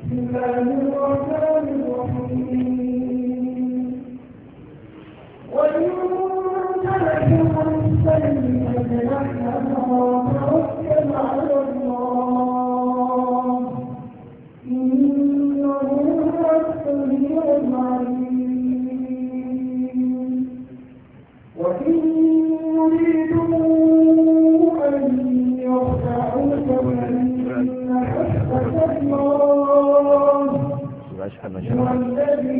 بسم الله الرحمن الرحيم وإن تلك عن السيئة نحن توكل على الله إنه هو السميع العليم والذي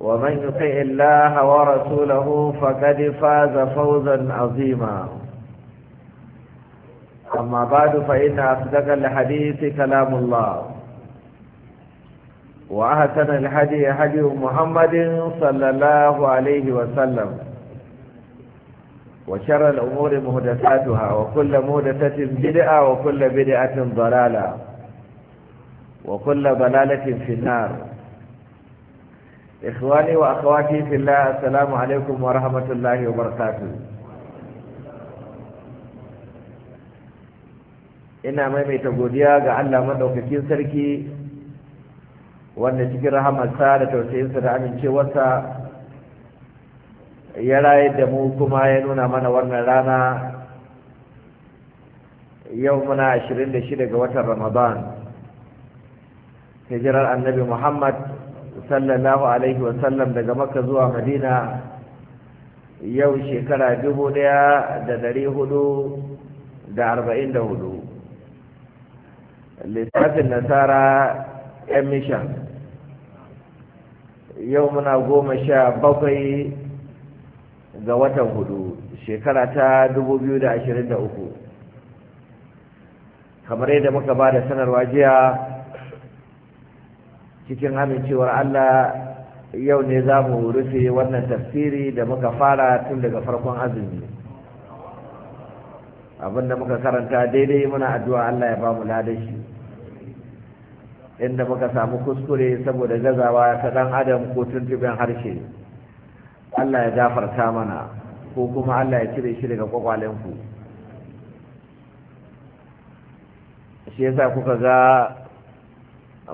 ومن يطع الله ورسوله فقد فاز فوزا عظيما أما بعد فإن أصدق الحديث كلام الله وأحسن الحديث حديث محمد صلى الله عليه وسلم وشر الأمور مهدساتها وكل مهدسة بدعة وكل بدعة ضلالة وكل ضلالة في النار ikhwani wa akhawati fillah assalamu alaikum wa rahmatullahi wa barakatuh ina maimaita godiya ga Allah madaukakin sarki wanda cikin rahamarsa da tausayinsa da amincewarsa ya raye da mu kuma ya nuna mana wannan rana yau muna 26 ga watan ramadan Hijrar annabi muhammad sallallahu alaihi wasallam daga maka zuwa madina yau shekara dubu ɗaya da dari hudu da arba'in da hudu lissafin nasara yan mishan yau muna goma sha bakwai ga watan hudu shekara ta dubu biyu da ashirin da uku kamar yadda muka ba da sanarwa jiya cikin amincewar Allah yau ne za mu rufe wannan tafsiri da muka fara tun daga farkon azumi abinda muka karanta daidai muna addu'a Allah ya ba mu ladashi inda muka samu kuskure saboda gazawa ta ɗan adam ko tuntubin harshe Allah ya gafarta mana ko kuma Allah ya cire shi daga kwakwalenku shi yasa kuka ga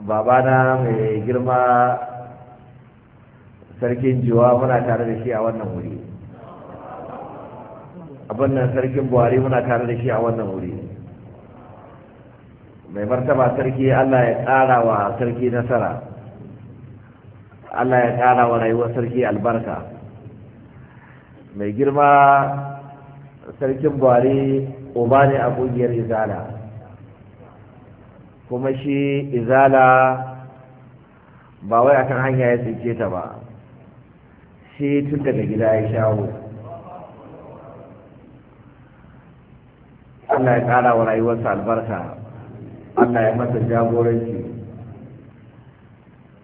babana mai girma sarkin jiwa muna tare da shi a wannan wuri abin nan sarkin buhari muna tare da shi a wannan wuri mai martaba sarki allah ya kara wa sarki nasara allah ya kara wa rayuwar sarki albarka mai girma sarkin buhari uba ne a ƙungiyar kuma shi izala ba wai akan hanya ya tsike ta ba shi tun daga gida ya shawo Allah ya kara wa rayuwarsa albarka Allah ya masa jagoranci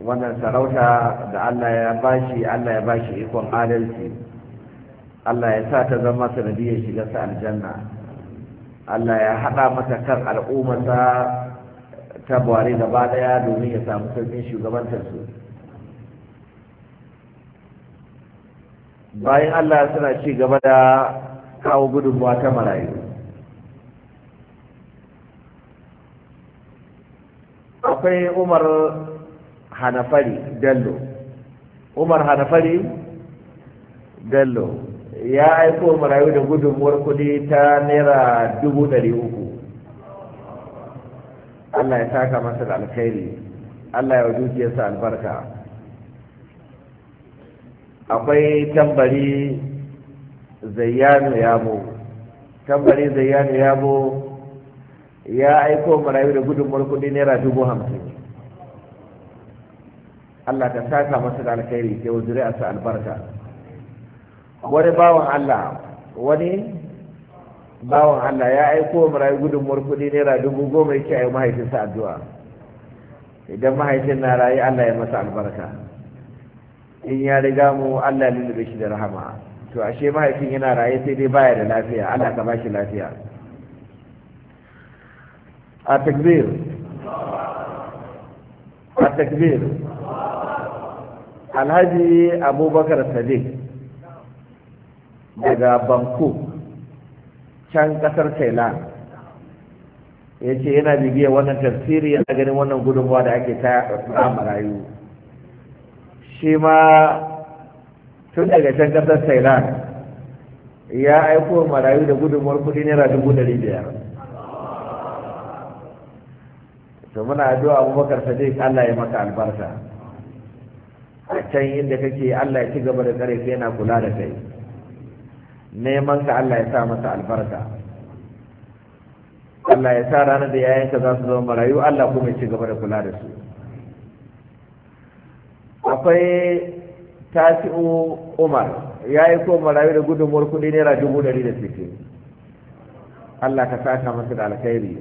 wannan sarauta da Allah ya bashi Allah ya bashi ikon adalci Allah ya sa ta zama sanadiyar shigarsa aljanna Allah ya haɗa masa kan al'ummata tabware gaba daya domin ya samu sauƙin shugabantar bayan Allah suna ci gaba da kawo gudunmuwa ta marayu akwai umar hanafari dello umar hanafari dello ya aiko marayu da gudunmuwar kudi ta naira dubu ɗari uku Allah ya saka masa da alkhairi Allah ya dukiyarsa albarka akwai tambari zayyano yabo tambari zayyano yabo ya aiko marayu da gudun kudi naira dubu hamsin Allah ta saka masa da alkhairi sai wuzuri a albarka wani bawan Allah wani bawan Allah ya aiko wa marayu gudunmuwar kuɗi naira dubu goma yake a yi mahaifinsa addu'a idan mahaifin na rayu Allah ya masa albarka in ya riga mu Allah ya lullube shi da rahama to ashe mahaifin yana raye sai dai baya da lafiya Allah ka bashi lafiya a takbir a takbir alhaji abubakar sadiq daga banku can kasar thailand ya ce yana bibiya wannan tafsiri yana ganin wannan gudunmawa da ake ta a marayu shi ma tun daga can kasar thailand ya aiko marayu da gudunmawar kudi naira dubu ɗari biyar to muna addu'a abubakar sadiq allah ya maka albarka a can inda kake allah ya ci gaba da tsare sai yana kula da kai neman sa Allah ya sa masa albarka Allah ya sa ranar da yayanka za su zama marayu Allah kuma ya ci gaba da kula da su akwai tasi'u umar ya yi ko marayu da gudunmuwar kudi naira dubu ɗari da sittin Allah ka saka masa da alkhairi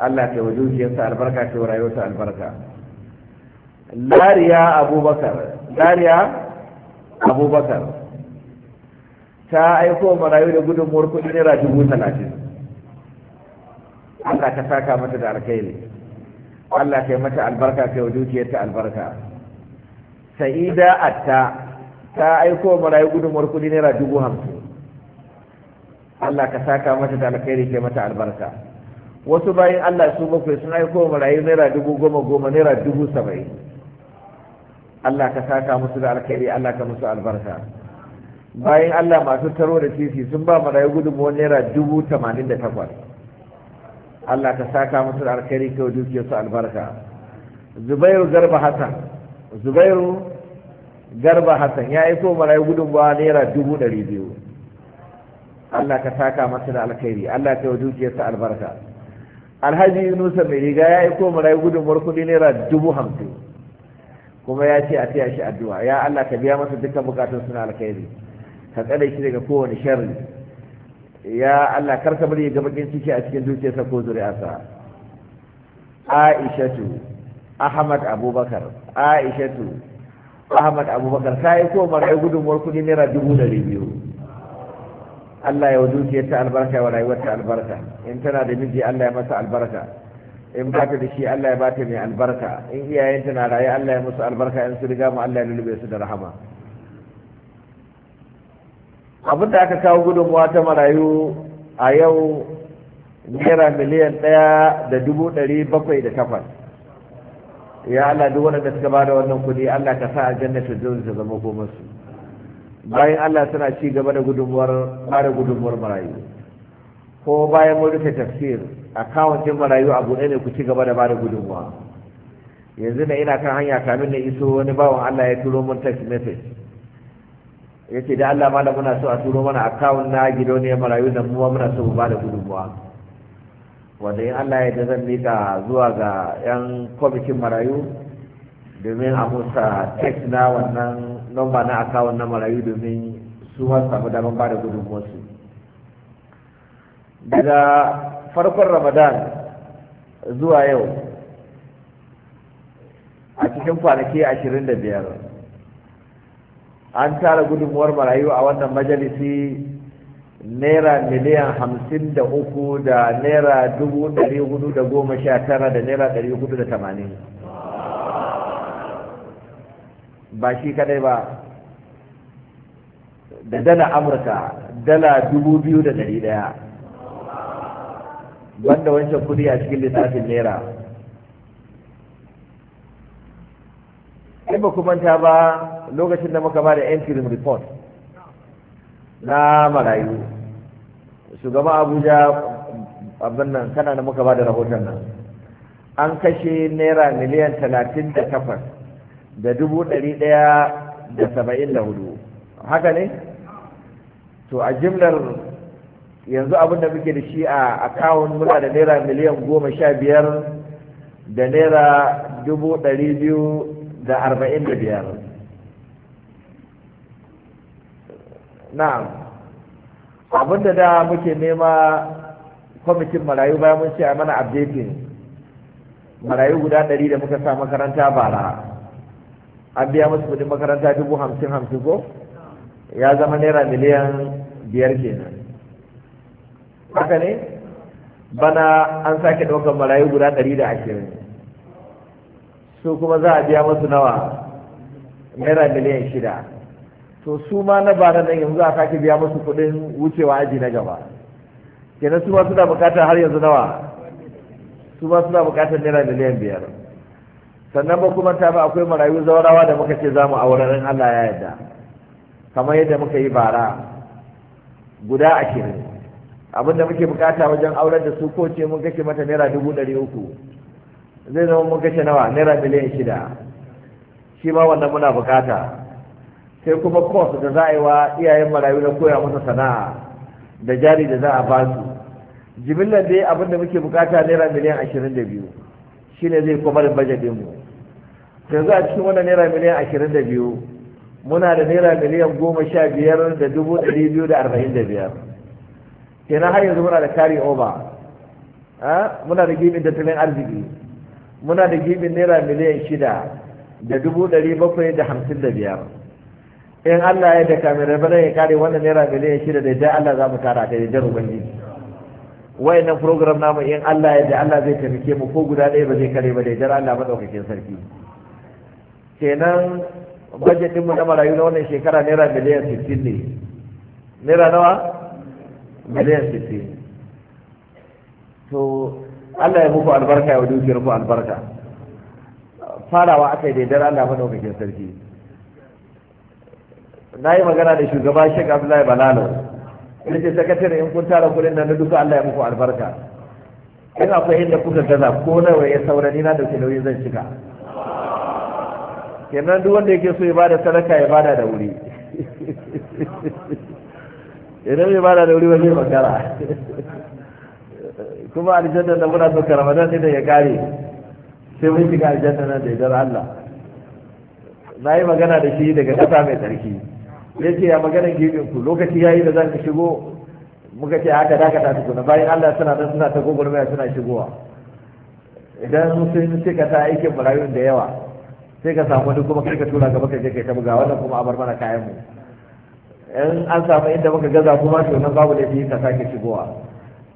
Allah ka wa dukiyarsa albarka ka wa rayuwarsa albarka lariya abubakar lariya abubakar ta aiko marayu da gudunmuwar kuɗi naira dubu talatin Allah ta saka mata da alkhairi Allah ta yi mata albarka ta yi yadda albarka sa'ida atta ta aiko marayu gudunmuwar kuɗi naira dubu hamsin Allah ta saka mata da alkhairi ta yi mata albarka wasu bayan Allah su bakwai sun aiko marayu naira dubu goma goma naira dubu saba'in Allah ka saka musu da alkhairi Allah ka musu albarka bayan allah masu taro da titi sun ba mu gudun wani naira dubu tamanin da takwas allah ta saka musu da alkhairi kai su albarka zubairu garba hassan zubairu garba hassan ya iso gudun wani naira dubu ɗari biyu allah ka saka masu da alkhairi allah kai su albarka alhaji yunusa mai riga ya aiko marayu gudunmuwar kuɗi naira dubu hamsin kuma ya ce a taya shi addu'a ya allah ka biya masa dukkan bukatun suna alkhairi ka tsare shi daga kowane sharri ya Allah karka bari ya gabakin ciki a cikin zuciyarsa ko zuri'arsa Aishatu Ahmad Abubakar Aishatu Ahmad Abubakar ta yi ko mara gudunmuwar kudi naira dubu da biyu Allah ya zuciyar ta albarka wa rayuwar ta albarka in tana da miji Allah ya masa albarka in ba ta da shi Allah ya ba ta mai albarka in iyayenta na raye Allah ya musu albarka in su riga mu Allah ya lulube su da rahama abin da aka kawo gudunmuwa ta marayu a yau naira miliyan ɗaya da dubu ɗari bakwai da takwas ya Allah duk wanda suka ba da wannan kuɗi Allah ka sa aljanna ta zo ta zama su bayan Allah suna ci gaba da gudunmuwar mara gudunmuwar marayu ko bayan mun rufe tafsir a kawancin marayu a buɗe ne ku ci gaba da gudunmawa. gudunmuwa yanzu na ina kan hanya kamin na iso wani bawan Allah ya turo mun text message ya ce da Allah malam muna so a turo mana akawun na gido ne marayu da muwa muna so ba da gudunmuwa wanda in Allah ya zan mika zuwa ga 'yan kwamitin marayu domin a musa text na wannan nomba na akawun na marayu domin su har samu damar ba da gudunmuwarsu daga farkon ramadan zuwa yau a cikin kwanaki ashirin da biyar an tara gudunmuwar marayu a wannan majalisi naira miliyan hamsin da uku da naira dubu ɗari hudu da goma sha tara da naira ɗari hudu da tamanin ba shi kadai ba da dala amurka dala dubu biyu da ɗari ɗaya wanda wancan kudi a cikin lissafin naira in ba manta ba lokacin da muka ba da interim report na marayu shugaban abuja abin nan kana da muka ba da rahoton nan an kashe naira miliyan talatin da takwas da dubu ɗari ɗaya da saba'in da hudu haka ne to a jimlar yanzu abin da muke da shi a akawun muna da naira miliyan goma sha biyar da naira dubu ɗari biyu da arba'in da biyar na'am abinda da muke nema kwamitin marayu bayan mun ce a mana updating marayu guda ɗari da muka sa makaranta bara an biya musu kudin makaranta dubu hamsin hamsin ko ya zama naira miliyan biyar kenan haka ne bana an sake ɗaukar marayu guda ɗari da ashirin su kuma za a biya masu nawa naira miliyan shida to su ma na bara nan yanzu a sake biya masu kuɗin wucewa aji na gaba kenan su ma suna buƙatar har yanzu nawa su ma suna buƙatar naira miliyan biyar sannan ba kuma ta ba akwai marayu zaurawa da muka ce za mu auraren Allah ya yarda kamar yadda muka yi bara guda ashirin abinda muke bukata wajen aurar da su ko ce mun kashe mata naira dubu ɗari uku zai zama mun kashe nawa naira miliyan shida shi ma wannan muna bukata sai kuma kwas da za a yi wa iyayen marayu na koya masa sana'a da jari da za a ba su jimillar dai abinda muke bukata naira miliyan ashirin da biyu shi ne zai kuma da bajet mu yanzu a cikin wannan naira miliyan ashirin da biyu muna da naira miliyan goma sha biyar da dubu ɗari biyu da arba'in da biyar kenan har yanzu muna da kari oba ah, muna da da tattalin arziki muna da gibin naira miliyan shida da dubu ɗari bakwai da hamsin da biyar in allah ya da kamar bana ya kare wannan naira miliyan shida da idan allah za mu kara da idan ubangiji wayannan program namu in allah ya da allah zai taimake mu ko guda ɗaya ba zai kare ba da idan allah maɗaukakin sarki kenan bajetin mu na marayu na wannan shekara naira miliyan sittin ne naira nawa miliyan sittin to Allah ya muku albarka ya dukiyar ku albarka farawa aka yi daidar Allah madaukakin sarki na yi magana da shugaba shek abdullahi balalo ina ce sakatare in kun tara kudin nan na duka Allah ya muku albarka in akwai inda kuka gaza ko nawa ya saura ni na dauke nauyin zan shiga kenan duk wanda yake so ya bada sadaka ya bada da wuri idan ya bada da wuri wani magana kuma aljanna da muna so ramadan ne da ya kare sai mun shiga aljanna nan da idan Allah na yi magana da shi daga ƙasa mai tsarki ya ce ya maganar gefen ku lokaci ya yi da zan ka shigo muka ce haka dakata tukuna bayan Allah suna nan suna ta gwagwarmaya suna shigowa idan sun sai ka ta aikin marayun da yawa sai ka samu wani kuma kai ka tura gaba ka je kai ta buga wannan kuma a bar mana kayan mu in an samu inda muka gaza kuma to nan babu laifi ka sake shigowa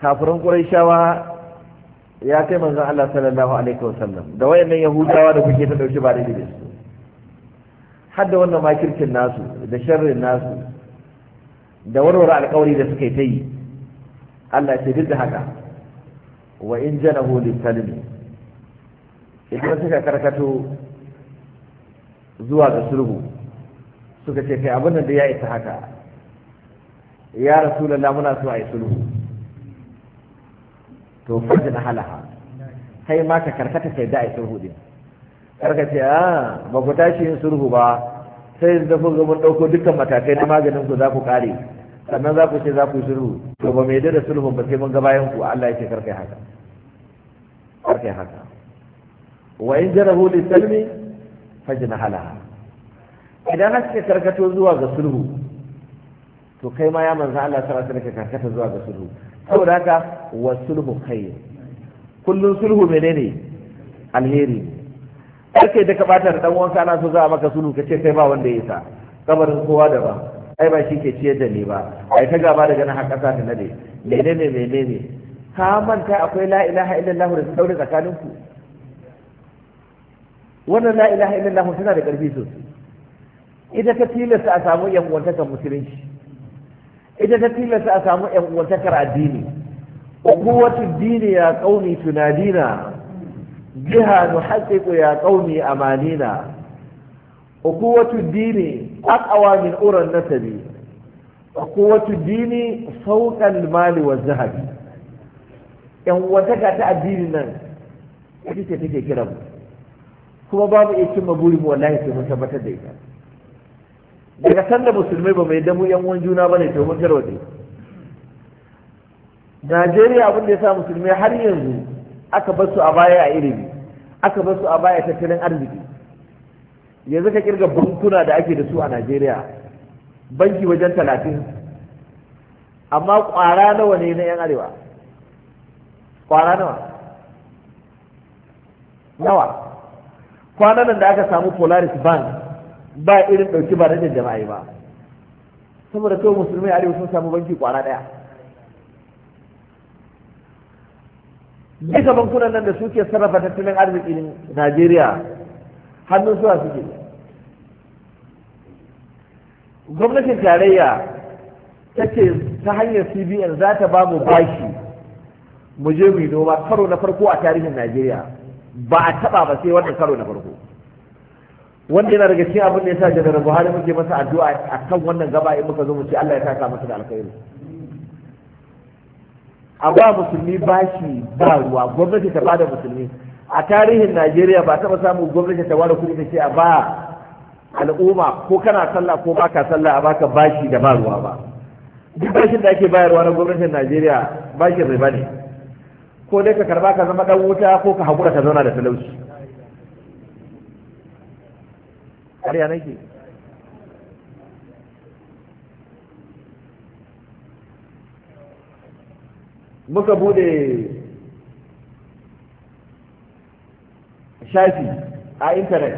kafirin quraishawa ya kai manzon Allah sallallahu alaihi wasallam da wayannan yahudawa da kuke ta dauki ba da su har da wannan makirkin nasu da sharrin nasu da warware alƙawari da suka yi ta yi Allah ce duk da haka wa in janahu talimi idan suka karkato zuwa ga sulhu suka ce kai abin da ya isa haka ya rasulullahi muna so a yi sulhu to fajin halaha kai ma ka karkata sai da ai sulhu din karka ce a ah, ba ku tashi yin sulhu ba sai da ku ga mun dauko dukkan matakai na maganin ku za ku kare sannan za ku ce za ku yi sulhu to ba mai da sulhu ba sai mun ga bayan ku Allah ya ce karkai haka karkai haka wa in jarahu li salmi fajin halaha idan har suka karkato zuwa ga sulhu to kai ma ya manzo Allah sallallahu alaihi wasallam ka karkata zuwa ga sulhu saboda haka wa sulhu khayr kullun sulhu menene alheri kake da ka bata da dan wanka ana so za a maka sulhu kace kai ba wanda ya sa kabarin kowa da ba ai ba shi ke ciyar da ni ba ai ta gaba daga na hakka ta nade menene menene ka manta akwai la ilaha illallah da sauri tsakanin ku wannan la ilaha illallah tana da ƙarfi sosai idan ka tilasta a samu yan uwantakan musulunci ita ta tilasta a samu yan uwantakar addini ubuwatu dini ya ƙauni tunadina jiha nu nuhaqqiqu ya ƙauni amanina ubuwatu dini aqwa min uran nasabi ubuwatu dini sauƙan mali wa zahabi yan uwantaka ta addini nan ita ce take kiran kuma babu iya cimma burin wallahi sai mun tabbatar da ita daga sanda musulmai ba mai damu yan uwan juna ne to mun waje. Najeriya abin da ya sa musulmai har yanzu aka basu a baya a ilimi aka basu a baya tattalin arziki yanzu ka kirga bankuna da ake da su a Najeriya banki wajen talatin amma kwara nawa ne na 'yan arewa kwara nawa nawa kwanan da aka samu polaris bank ba irin ɗauki ba da jama'i ba saboda kawai musulmai arewa sun samu banki kwara ɗaya duka bankunan nan da suke sarrafa tattalin arzikin najeriya hannun suwa suke gwamnatin tarayya ta ce ta hanyar cbn za ta ba mu bashi mu je mu yi noma karo na farko a tarihin najeriya ba a taɓa ba sai wannan karo na farko wanda yana daga cikin abin da yasa janar Buhari muke masa addu'a a kan wannan gaba in muka zo mu ce Allah ya saka masa da alkhairi a ba musulmi bashi ba ruwa gwamnati ta bada musulmi a tarihin Najeriya ba taba samun gwamnati ta ware kuɗi da ce a ba al'umma ko kana sallah ko baka sallah a baka bashi da ba ruwa ba duk bashin da ake bayarwa na gwamnatin Najeriya bashin riba ne ko dai ka karba ka zama dan wuta ko ka hakura ka zauna da talauci ƙarya nake muka bude shafi a intanet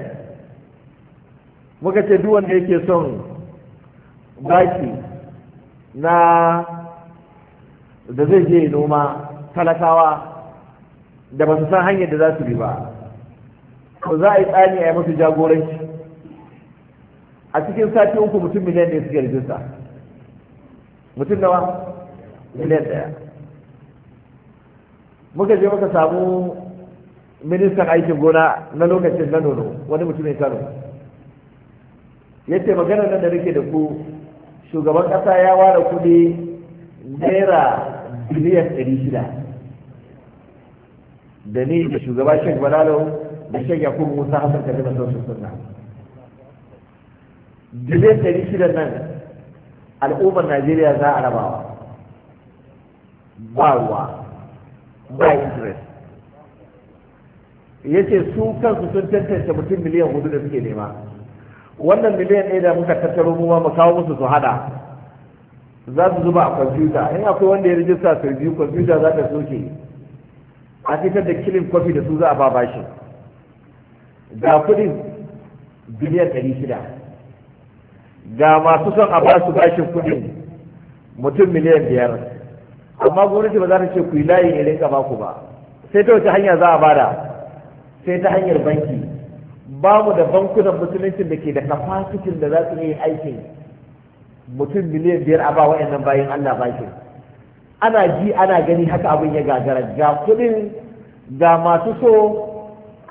muka ce duk wanda yake son baki na da zai je noma talakawa da ba su san hanyar da za su bi ba ko za a yi tsani a yi musu jagoranci a cikin sati uku mutum miliyan ne suke rijista mutum nawa miliyan ɗaya muka je muka samu ministan aikin gona na lokacin na nono wani mutum ya kano yace magana nan da nake da ku shugaban ƙasa ya ware kuɗi naira biliyan ɗari shida da ni da shugaba shek balalo da shek yakubu musa hassan kalli sun sunna biliyan ɗari shida nan al'ummar najeriya za a rabawa ba ruwa ba interest ya ce su kansu sun tantance mutum miliyan hudu da suke nema wannan miliyan ɗaya da muka tattaro mu ba mu kawo musu su hada za su zuba a kwamfuta in akwai wanda ya rijista su biyu kwamfuta za ta soke a fitar da kilin kwafi da su za a ba bashi ga kudin biliyan ɗari shida ga masu son a ba su bashin kudin mutum miliyan biyar amma gwamnati ba za ta ce ku yi layi irin ka baku ba sai ta wace hanya za a da, sai ta hanyar banki ba mu da bankunan musulunci da ke da kafasitin da za su yi aikin mutum miliyan biyar a ba wa'annan bayan allah bashin ana ji ana gani haka abin ya gagara ga kudin ga masu so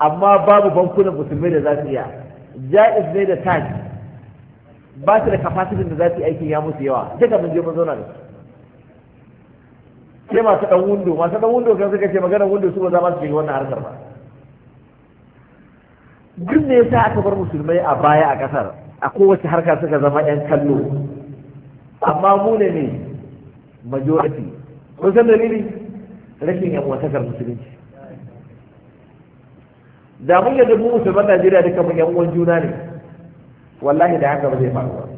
amma babu bankunan musulmai da za su iya ja'iz ne da tax ba su da capacity da za su yi aikin ya musu yawa duka mun je mun zauna da su sai masu dan wundo masu dan wundo kan suka ce maganar wundo su ba za su yi wannan harkar ba duk da yasa aka bar musulmai a baya a kasar a kowace harka suka zama yan kallo amma mu ne ne majority kun san dalili rashin yan wasakar musulunci da mun yadda mu musulman Najeriya duka mun yan uwan juna ne wallahi da haka ba zai faru ba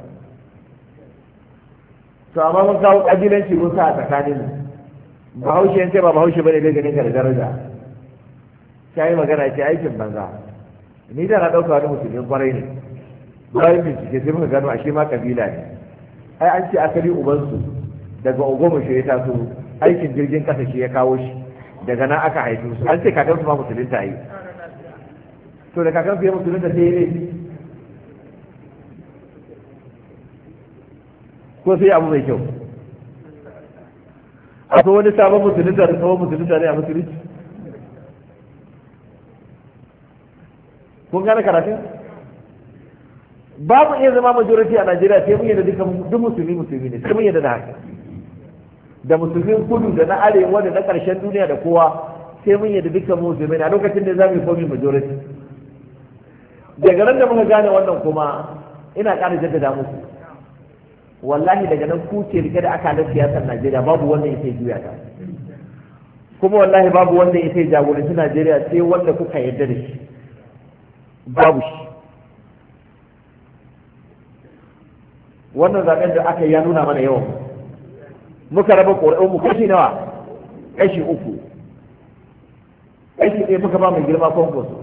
to amma mun kawo kabilanci mun sa a tsakanin bahaushe yanzu ba bahaushe bane bai ganin ka da daraja ta yi magana ce aikin banza ni da na ɗauka wani musulmin kwarai ne bayan bincike sai muka gano a shi ma kabila ne ai an ce asali ubansu daga ogoma shi ya taso aikin jirgin kasa shi ya kawo shi daga nan aka haife su an ce kakansu ma musulunta yi to da kakansu ya musulunta sai ne ko sai abu mai kyau a so wani sabon musulunta da sabon musulunta ne a musulunci kun gane karatun babu iya zama majority a najeriya sai mun yadda dukkan duk musulmi musulmi ne sai mun yadda da haka da musulmin kudu da na arewa da na karshen duniya da kowa sai mun yadda dukkan musulmi a lokacin da za mu yi komi majority daga nan da muka gane wannan kuma ina ƙara jaddada muku wallahi daga nan ku rike da aka akalar siyasar Najeriya babu wanda ya juya ta kuma wallahi babu wanda ya jagoranci Najeriya sai wanda kuka yarda da shi babu shi wannan zaben da aka ya nuna mana yawan muka raba ƙorayen mu kashi nawa kashi uku kashi ɗaya muka ba mai girma kwankwaso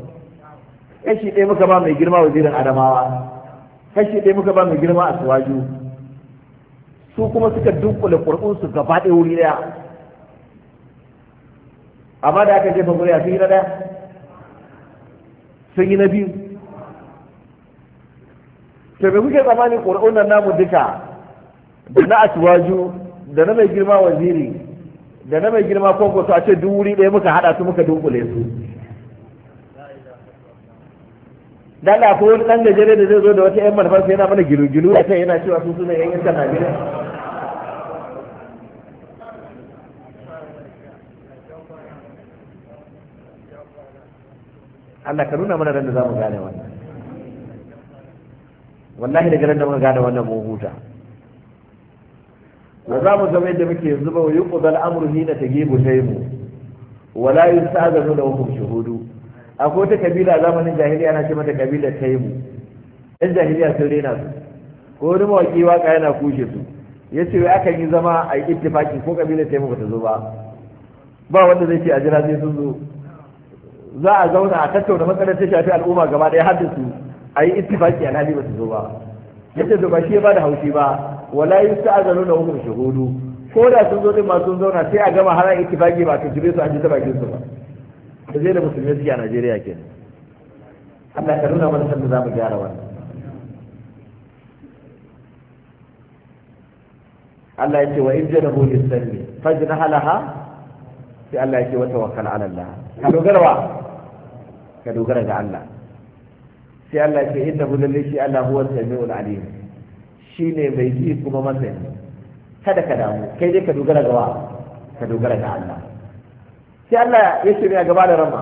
kashi ɗaya muka ba mai girma wazirin adamawa kashi ɗaya muka ba mai girma a suwaju su kuma suka dunkule su gaba ɗaya wuri ɗaya amma da aka jefa ƙuri'a sun yi na ɗaya sun yi na biyu to me kuke tsammanin ƙuri'un nan namu duka da na asuwaju da na mai girma waziri da na mai girma koko su a ce duk wuri ɗaya muka haɗa su muka dunkule su da Allah akwai wani ɗan gajere da zai zo da wata 'yan manufar sai yana mana gilu-gilu a kai yana cewa su suna 'yan yankan gida Allah ka nuna mana ran da mu gane wannan wallahi daga ran da muka gane wannan mu huta wa za mu zama yadda muke yanzu ba yi ƙudal amurhi na ta gebu sai mu wala yi sa'azanu da hukum shuhudu akwai wata kabila zamanin jahiliya na ce mata kabila ta yi mu yan jahiliya sun rena su ko wani mawaƙi waƙa yana kushe su ya ce wai akan yi zama a yi ittifaki ko kabila ta yi mu ba ta zo ba ba wanda zai ce a jira sai sun zo za a zauna a tattauna matsalar ta shafi al'umma gaba ɗaya har da su a yi ittifaki alhali ba su zo ba Yadda da ba shi ba da haushi ba wala azalu da hukum shahudu ko da sun zo din ma sun zauna sai a gama har ittifaki ba ka jire su a ji ta bakin su ba da zai da musulmi suke a Najeriya kenan Allah ka nuna mana sanda za mu gyara wannan Allah ya ce wa in janahu lis-salmi fajnaha halaha sai Allah ya ce wata tawakkal ala Allah ka dogara wa ka dogara ga Allah sai Allah ce inda hulalle shi Allah huwa samiul alim shi ne mai ji kuma masani kada ka damu kai dai ka dogara ga wa ka dogara ga Allah sai Allah ya ce mai gaba da rama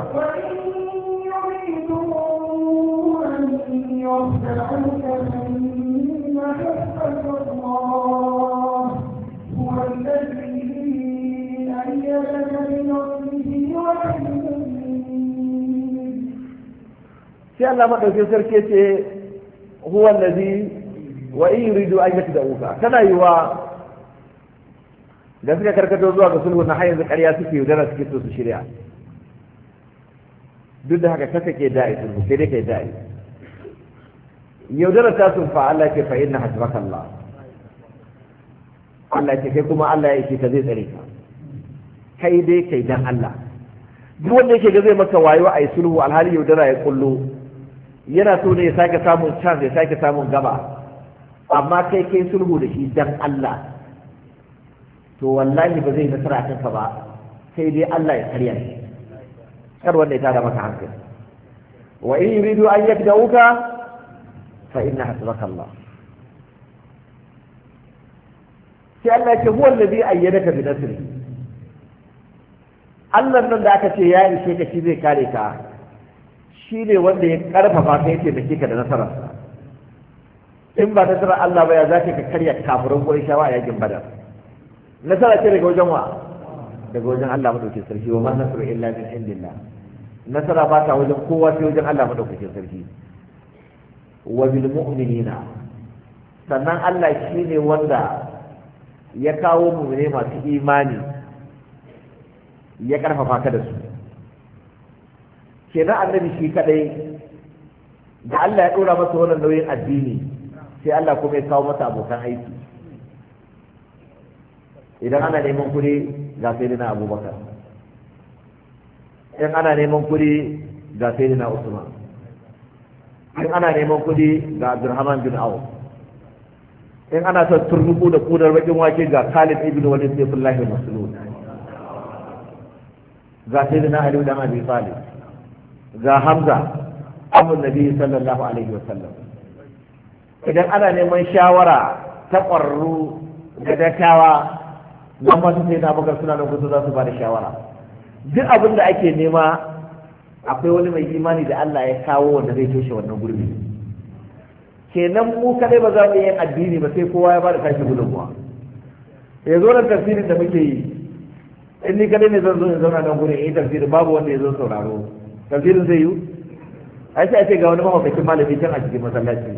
sai Allah madaukakin sarki ce huwa allazi wa in yuridu an uka? tana yiwa da suka karkato zuwa ga sulhu na har zakariya suke yaudara suke so su shirya duk da haka kasa ke da'i sulhu sai dai kai da'i yaudara ta sun fa Allah ke fa inna hasbaka Allah Allah ke kai kuma Allah ya ce ka zai tsare ka kai dai kai dan Allah duk wanda yake ga zai maka wayo a yi sulhu alhali yaudara ya kullu yana so ne ya sake samun chance ya sake samun gaba amma kai kai sulhu da shi dan Allah to wallahi ba zai nasara a ka ba sai dai Allah ya karya shi kar wanda ya tada maka hankali wa in yuridu an yakdauka fa inna hasbaka Allah sai Allah ya ce huwa allazi ayyadaka bi nasrihi Allah nan da aka ce ya ishe ka shi zai kare ka shi ne wanda ya karfafa ka yace da ka da nasara in ba nasara Allah ba ya za ka karya kafirin Qurayshawa a yakin Badar nasara ce daga wajen wa daga wajen Allah madaukakin sarki wa ma nasru illa min indillah nasara ba ta wajen kowa sai wajen Allah madaukakin sarki wa bil mu'minina sannan Allah shi ne wanda ya kawo mu ne masu imani ya karfafa ka da su Ke na annabi shi kadai da Allah ya dora masa wannan nauyin addini sai Allah kuma ya kawo masa abokan aiki idan ana neman kuɗi ga sai na abubakar in ana neman kuɗi ga sai na usman in ana neman kuɗi ga abdurrahman bin awu in ana son turnuku da kudar bakin wake ga khalid ibn walid sai fullahi masulun ga sai na aliyu dan abi talib ga hamza abu nabi sallallahu alaihi wasallam idan ana neman shawara ta ƙwararru da dattawa don masu sai na bugar suna nan za su ba da shawara duk abin da ake nema akwai wani mai imani da Allah ya kawo wanda zai toshe wannan gurbi kenan mu kadai ba za mu yi addini ba sai kowa ya ba da kashi gudunmuwa ya zo da tafsirin da muke yi in ni kadai ne zan zo in zauna nan gurin yi tafsirin babu wanda ya zo sauraro tafsirin zai yi a sai a ce ga wani mahaukacin malami can a cikin masallaci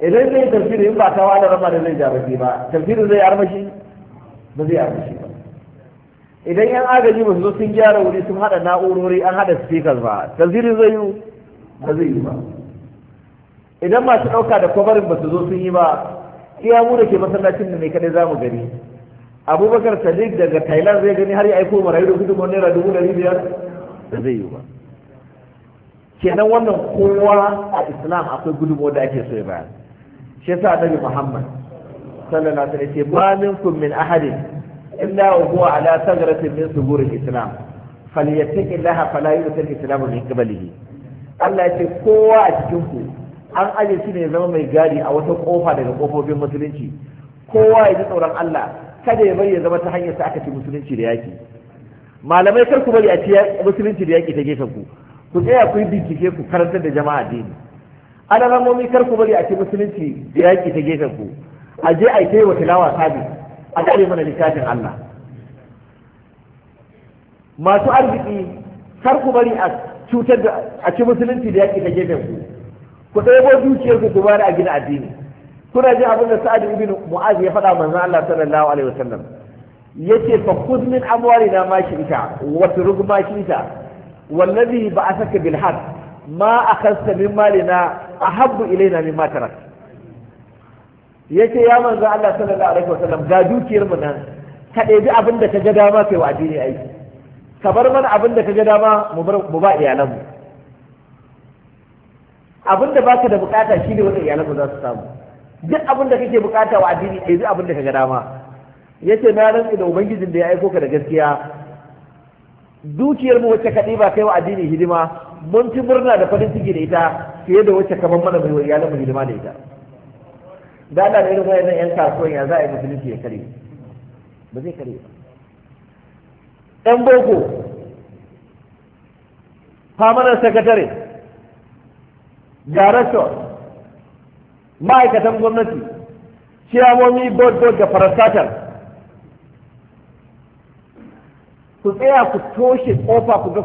idan zai tafsiri in ba ta wani rama da zai jarabi ba tafsirin zai armashi ba zai armashi ba idan yan agaji ba su zo sun gyara wuri sun hada na'urori an hada speakers ba tafsirin zai yi ba zai yi ba idan masu ɗauka da kwabarin ba su zo sun yi ba iya mu da ke masallacin da ne kadai za mu gani abubakar sadiq daga thailand zai gani har ya aiko marayu da gudunmawar naira dubu ɗari biyar da zai yi ba kenan wannan kowa a islam akwai gudunmawar da ake so ya bayar shi yasa annabi muhammad sallallahu alaihi wasallam ce ba minkum min ahadin illa wa huwa ala sagratin min suburil islam falyattaqi allaha fala yutil islam min qablihi Allah ya ce kowa a cikin ku an ajiye shi ne zama mai gadi a wata kofa daga kofofin musulunci kowa ya ji tsoron Allah kada ya bari ya zama ta hanyar sa aka ce musulunci da yaki malamai kar ku bari a ci musulunci da yaki ta gefen ku ku tsaya ku yi bincike ku karantar da jama'a dini alalamomi kar ku bari a ci musulunci da yaki ta gefen ku a je a yi ta yi wa tilawa sabi a kare mana littafin Allah masu arziki kar ku bari a cutar da a ci musulunci da yaki ta gefen ku ku ɗaya dukiyar ku ku bari a gina addini kuna ji abin da sa'ad ibn mu'az ya faɗa manzon Allah sallallahu alaihi wasallam yace fa khud min na ma shi'ta wa turug ma shi'ta wallazi ba'athaka bil haqq ma akhadta min malina ahabbu ilaina mimma tarak yace ya manzon Allah sallallahu alaihi wasallam ga dukiyar mu nan ka ɗebi abin da ka ga dama kai wa addini ai ka bar mana abin da ka ga dama mu ba iyalanmu abin da baka da bukata shine wanda iyalanmu za su samu duk abin da kake bukata wa addini ɗaya eh, duk abin da kaga dama yace na rantsi da ubangijin da ya aiko ka da gaskiya dukiyar mu wacce ka ba kai wa addini hidima mun fi murna da farin ciki da ita fiye da wacce kamar mana mai iyalan mu hidima da ita da Allah ne irin wayannan yan kasuwan ya za a yi musulunci ya kare ba zai kare ba yan boko famanar sakatare director ma'aikatan gwamnati ciyamomi bod-bod da farastatal ku tsaya ku toshe kofa ku ga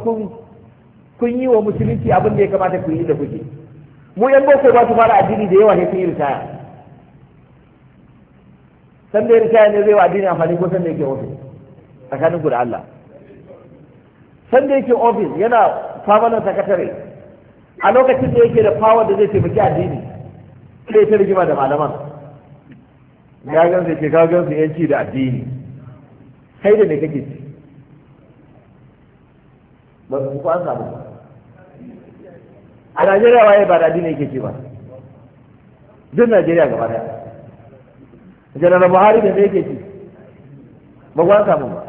kun yi wa musulunci abin da ya kamata ku yi da kuke mu yan boko ba su fara addini da yawa ne sun yi ritaya san da ritaya ne zai wa addini amfani ko san da yake ofis tsakanin ku da Allah san da yake ofis yana famanar sakatare a lokacin da yake da power da zai taimaki addini sai ta rigima da malaman ya gansu ke ka gansu yanci da addini kai da ne kake ci ba su ku an samu a najeriya waye ba da addini yake ci ba duk najeriya gaba daya janar buhari da ne yake ci ba ku an samu ba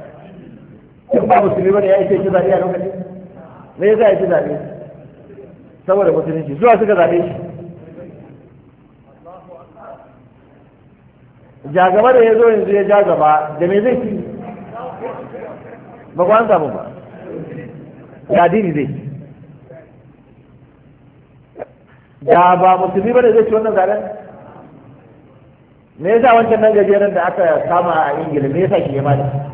in ba musulmi ba da ya yi ce zaɓe a lokacin me yasa ya ci zaɓe saboda musulunci zuwa suka zaɓe shi ja gaba da ya zo yanzu ya ja gaba da me zai ci ba ku an samu ba ya dini zai ya ba musulmi ba da zai ci wannan zaren me yasa wancan nan gajeren da aka kama a ingila me yasa shi ya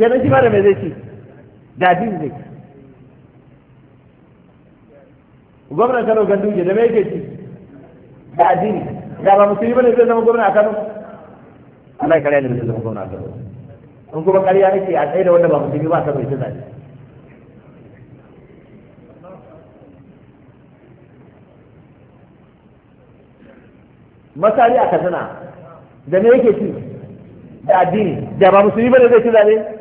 Sai na shi ba da me zai ci da zai gwamnan kano ganduje da mai yake ci da addini da ba musulmi bane zai zama gwamna a kano Allah ya kare ne zai zama gwamna a kano in kuma ƙarya nake a tsaye da wanda ba musulmi ba kano ita zai masari a katsina da me yake ci da addini da ba musulmi bane zai ci zaɓe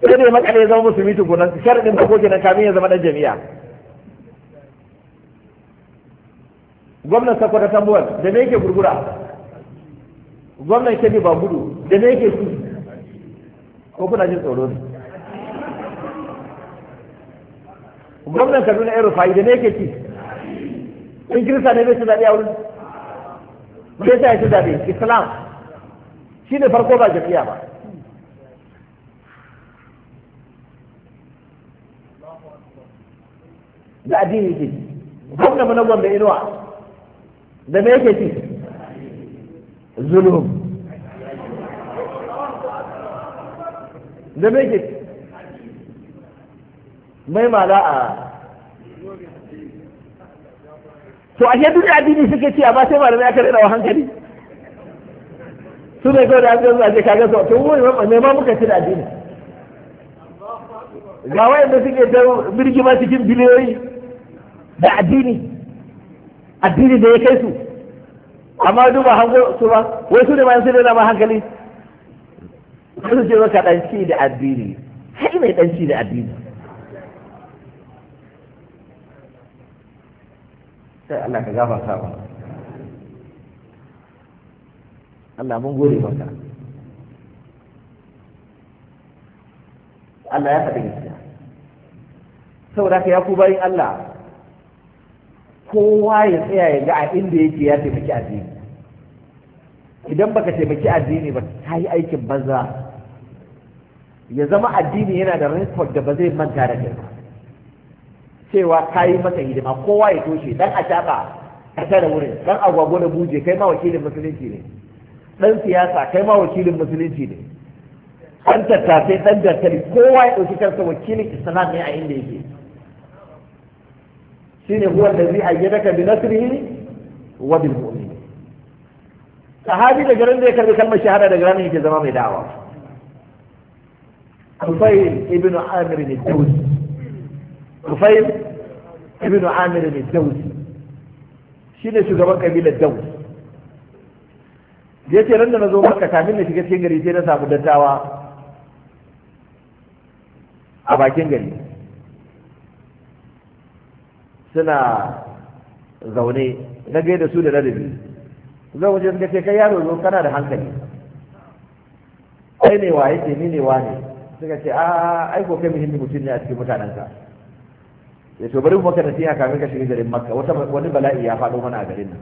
sai dai makale ya zama musulmi tukunan sharadin da koke nan kamin ya zama dan jami'a gwamnan sakwata tambuwar da me yake gurgura gwamnan kebe ba gudu da me yake su ko kuna jin tsoro ne gwamnan kaduna ya rufa'i da me yake ci in kirista ne zai ci zaɓe a wurin zai sa ya ci zaɓe islam shi ne farko ba jami'a ba da addini yake ci gwamna mu gwamna inuwa da me yake ci zulum da me yake ci mai mala a to a ashe duk addini suke ci ba sai malamai aka rena wa hankali su ne kawai da an zuwa je kaga sau to mai ma muka ci da addini ga wayanda suke ta birgima cikin biliyoyi da addini addini da ya kai su amma duba hango su ba wai su ne ma su da ma hankali su ce maka ɗanci da addini sai mai ɗanci da addini sai Allah ka gafarta ba Allah mun gode maka Allah ya faɗi gaskiya saboda ka ya ku bayin Allah kowa ya tsaya ya ga a inda yake ya taimaki addini idan baka taimaki addini ba ka yi aikin banza ya zama addini yana da record da ba zai manta da kai cewa ka yi masa hidima kowa ya toshe dan a shaɓa ka tare wurin dan agwagwa da buje kai ma wakilin musulunci ne dan siyasa kai ma wakilin musulunci ne dan tattasai dan dattali, kowa ya ɗauki kansa wakilin islam ne a inda yake shine huwa allazi ayyadaka bi nasrihi wa bil mu'minin sahabi da garin da ya karbi kalmar shahada da garin yake zama mai da'awa Kufayl ibn Amir ne Dawsi Kufayl ibn Amir ne Dawsi shine shugaban kabilar Dawsi ya ce ran da na zo maka kafin na shiga cikin gari sai na samu dattawa a bakin gari suna zaune na gaida su da ladabi zan wuce suka ce kai yaro zo kana da hankali kai ne wa yake ni ne wa ne suka ce a ai ko kai muhimmi mutum ne a cikin mutanenka ya to bari mu maka tiya kafin ka shiga garin makka wata wani bala'i ya faɗo mana a garin nan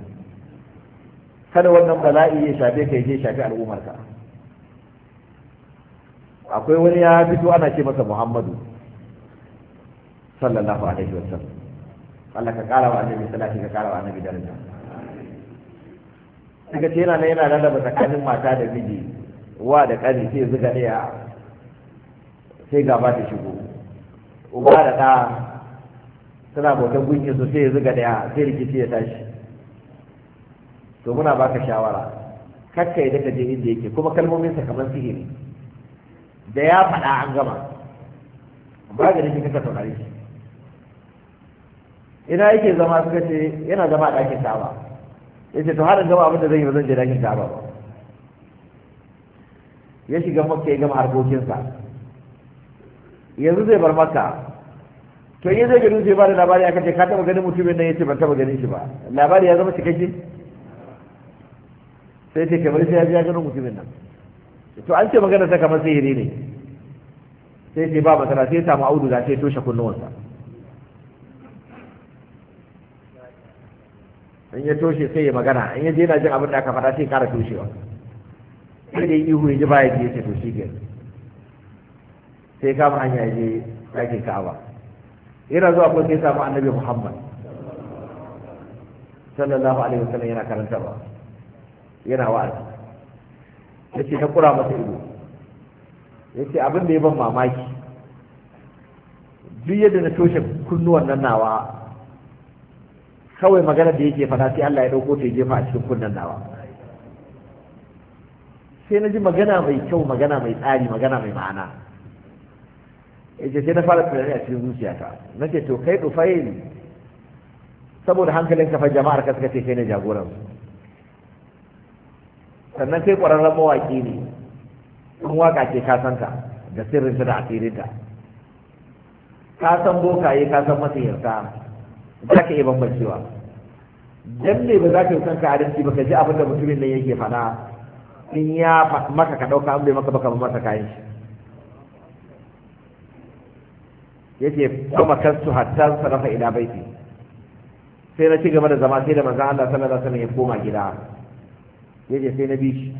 kada wannan bala'i ya shafe ka je shafe al'ummarka akwai wani ya fito ana ce masa muhammadu sallallahu alaihi wasallam Allah ka kara wa annabi salati ka kara wa annabi daraja daga ce yana yana rarraba tsakanin mata da miji wa da kani sai zuga daya sai gaba ta shigo uba da ɗa suna bautar gunki su sai zuga daya sai rikici ya tashi to muna baka shawara kakka ya daga je inda yake kuma kalmominsa kamar sihiri da ya faɗa an gama ba ga da kika saurare shi ina yake zama suka ce yana zama a ɗakin ka'aba ya ce to har gama abin da zan yi ba zan je ɗakin ka'aba ba ya shiga makka ya gama harkokinsa yanzu zai bar makka to in zai gani zai ba da labari a kace ka taɓa ganin mutumin nan ya ce ban taɓa ganin shi ba labari ya zama cikakke sai ce kamar sai ya ji ya gano mutumin nan to an ce magana ta kamar sihiri ne sai ce ba masana sai ya samu auduga sai toshe kunnuwansa in ya toshe sai ya magana in ya je na jin abin da aka faɗa sai ya ƙara toshewa sai dai ihu ya ji baya ya ce to shi ke sai kama hanya ya je ɗakin ka'aba yana zuwa ko sai samu annabi muhammad sallallahu alaihi wasallam yana karanta ba yana wa'azi ya ce ta kura masa ido ya ce abin da ya ban mamaki duk yadda na toshe kunnuwan nan nawa kawai magana da yake fada sai Allah ya dauko ta jefa a cikin kunnan nawa sai na ji magana mai kyau magana mai tsari magana mai ma'ana yace sai na fara tunani a cikin zuciyata ce to kai dufail saboda hankalin kafa jama'ar ka suka ce kai ne jagoran sannan kai ƙwararren mawaƙi ne in waka ce ka san ka da sirrinta da asirinta ka san bokaye ka san masiyarta za ka iya bambancewa dan ne ba za ka yi kanka adalci ba ka ji abin da mutumin nan yake fana in ya maka ka ɗauka an bai maka baka ba masa kayan shi yake kuma kansu hatta sarrafa ila baiti sai na ci gaba da zama sai da manzon Allah sallallahu alaihi wasallam ya koma gida yaje sai na bi shi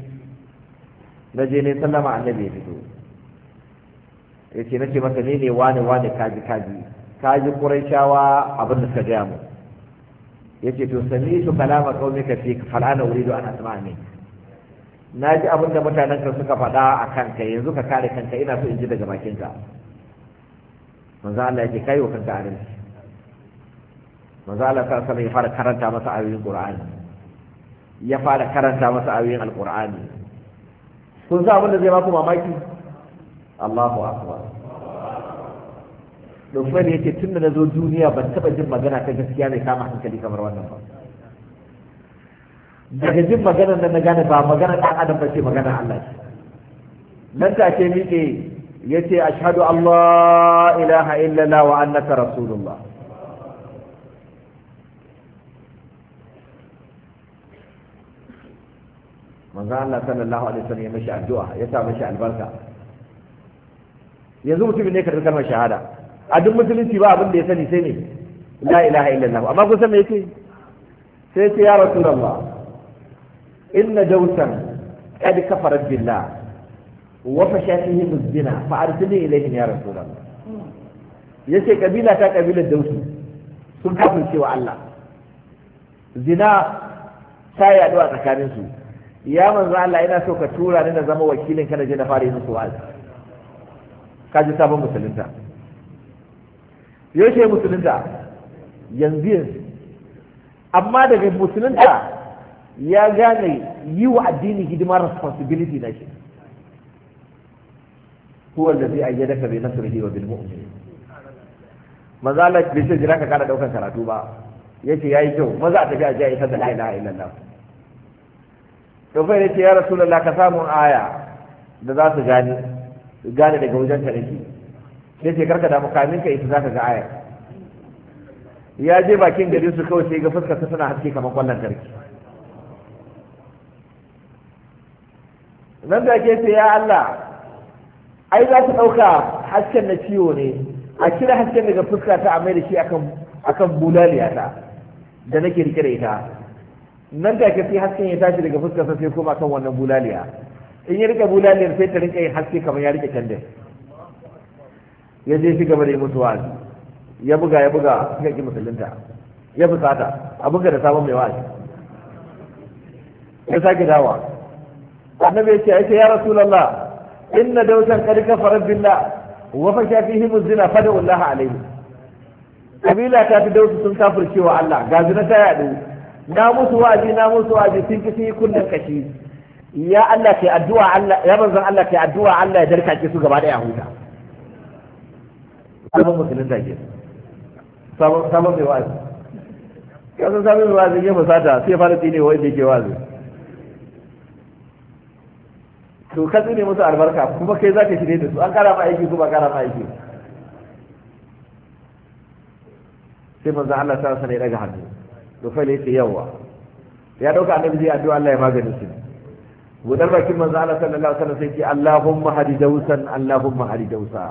na je ne sallama annabi ya fito na ce masa ne ne wane wane kaji kaji ka ji quraishawa abin da suka gaya mu ce to sami su kalama qaumika fi falana uridu ana asma'a ne. na ji abin da mutanen ka suka faɗa a kanka yanzu ka kare kanka ina so in ji daga bakin ka manzo Allah yake kai wa kanka arin manzo Allah ta sallama ya fara karanta masa ayoyin Qur'ani ya fara karanta masa ayoyin Al-Qur'ani kun san abin da zai ba ku mamaki Allahu akbar Uthman ya ce tun da na zo duniya ban taɓa jin magana ta gaskiya mai kama hankali kamar wannan ba daga jin maganar nan na gane ba maganar ɗan adam ba ce maganar Allah ce nan ce miƙe ya ce a shahadu Allah ilaha illallah wa annaka rasulullah manzo Allah sallallahu alaihi wasallam ya mashi addu'a ya sa mashi albarka yanzu mutumin ne ka karɓar shahada a duk musulunci ba abin da ya sani sai ne la ilaha illallah amma kun san me yake sai ce ya rasulullah inna dawsan qad kafara billah wa fashatihi muzina fa arsili ilayhi ya rasulullah yace kabila ta kabilar dausu sun kafin cewa Allah zina ta yaɗu a tsakanin su ya manzo Allah ina so ka tura ni na zama wakilin kana je na fara yin su wa'azi ka ji sabon musulunta yaushe musulunta yanzu yanzu amma daga musulunta ya gane yi wa addini hidimar responsibility na shi huwa da zai ayyada ka bai nasarihi wa bilmu mu'min maza Allah bai jira ka kara daukan karatu ba yace yayi kyau maza a tafi a jiya ita da la a illallah to fa ce ya rasu ka samun aya da za su gane gane daga wajen ka sai ce karka damu kamin ka isa zaka ga aya ya je bakin gari su kawai sai ga fuskar ta suna haske kamar kwallon tarki nan da ke ce ya Allah ai za su ɗauka hasken na ciwo ne a kira hasken daga fuska ta a mai da shi akan bulaliya ta da nake rike da ita nan da ke sai hasken ya tashi daga fuskar sai koma kan wannan bulaliya in ya rike bulaliyar sai ta rike yin haske kamar ya rike candle ya je gaba da yi musu wa'azi ya buga ya buga suka ki musulunta ya fusata a buga da sabon mai wa'azi ya sake dawa annabi ya ce ce ya rasulallah inna dautan qad farar billa wa fa shafihim zina fad'u Allah alaihi kabila ta fi dautu sun kafirce wa Allah ga zina ta yadu na musu wa'azi na musu wa'azi sun kisi kunnen kashi ya Allah ke addu'a Allah ya manzon Allah ke addu'a Allah ya darka ki su gaba da yahuda sabon musulun da ke sabon mai wazi ya san sabon mai wazi ya fusata sai ya fara tsine wanda yake wazi to ka tsine musu albarka kuma kai za ka shirye da su an kara ma aiki kuma kara ma aiki sai manzo Allah ta sanai daga hannu to fa yace yawa ya dauka annabi zai addu'a Allah ya magani shi gudar bakin manzo Allah sallallahu alaihi wasallam sai ce Allahumma hadi dausan Allahumma hadi dausa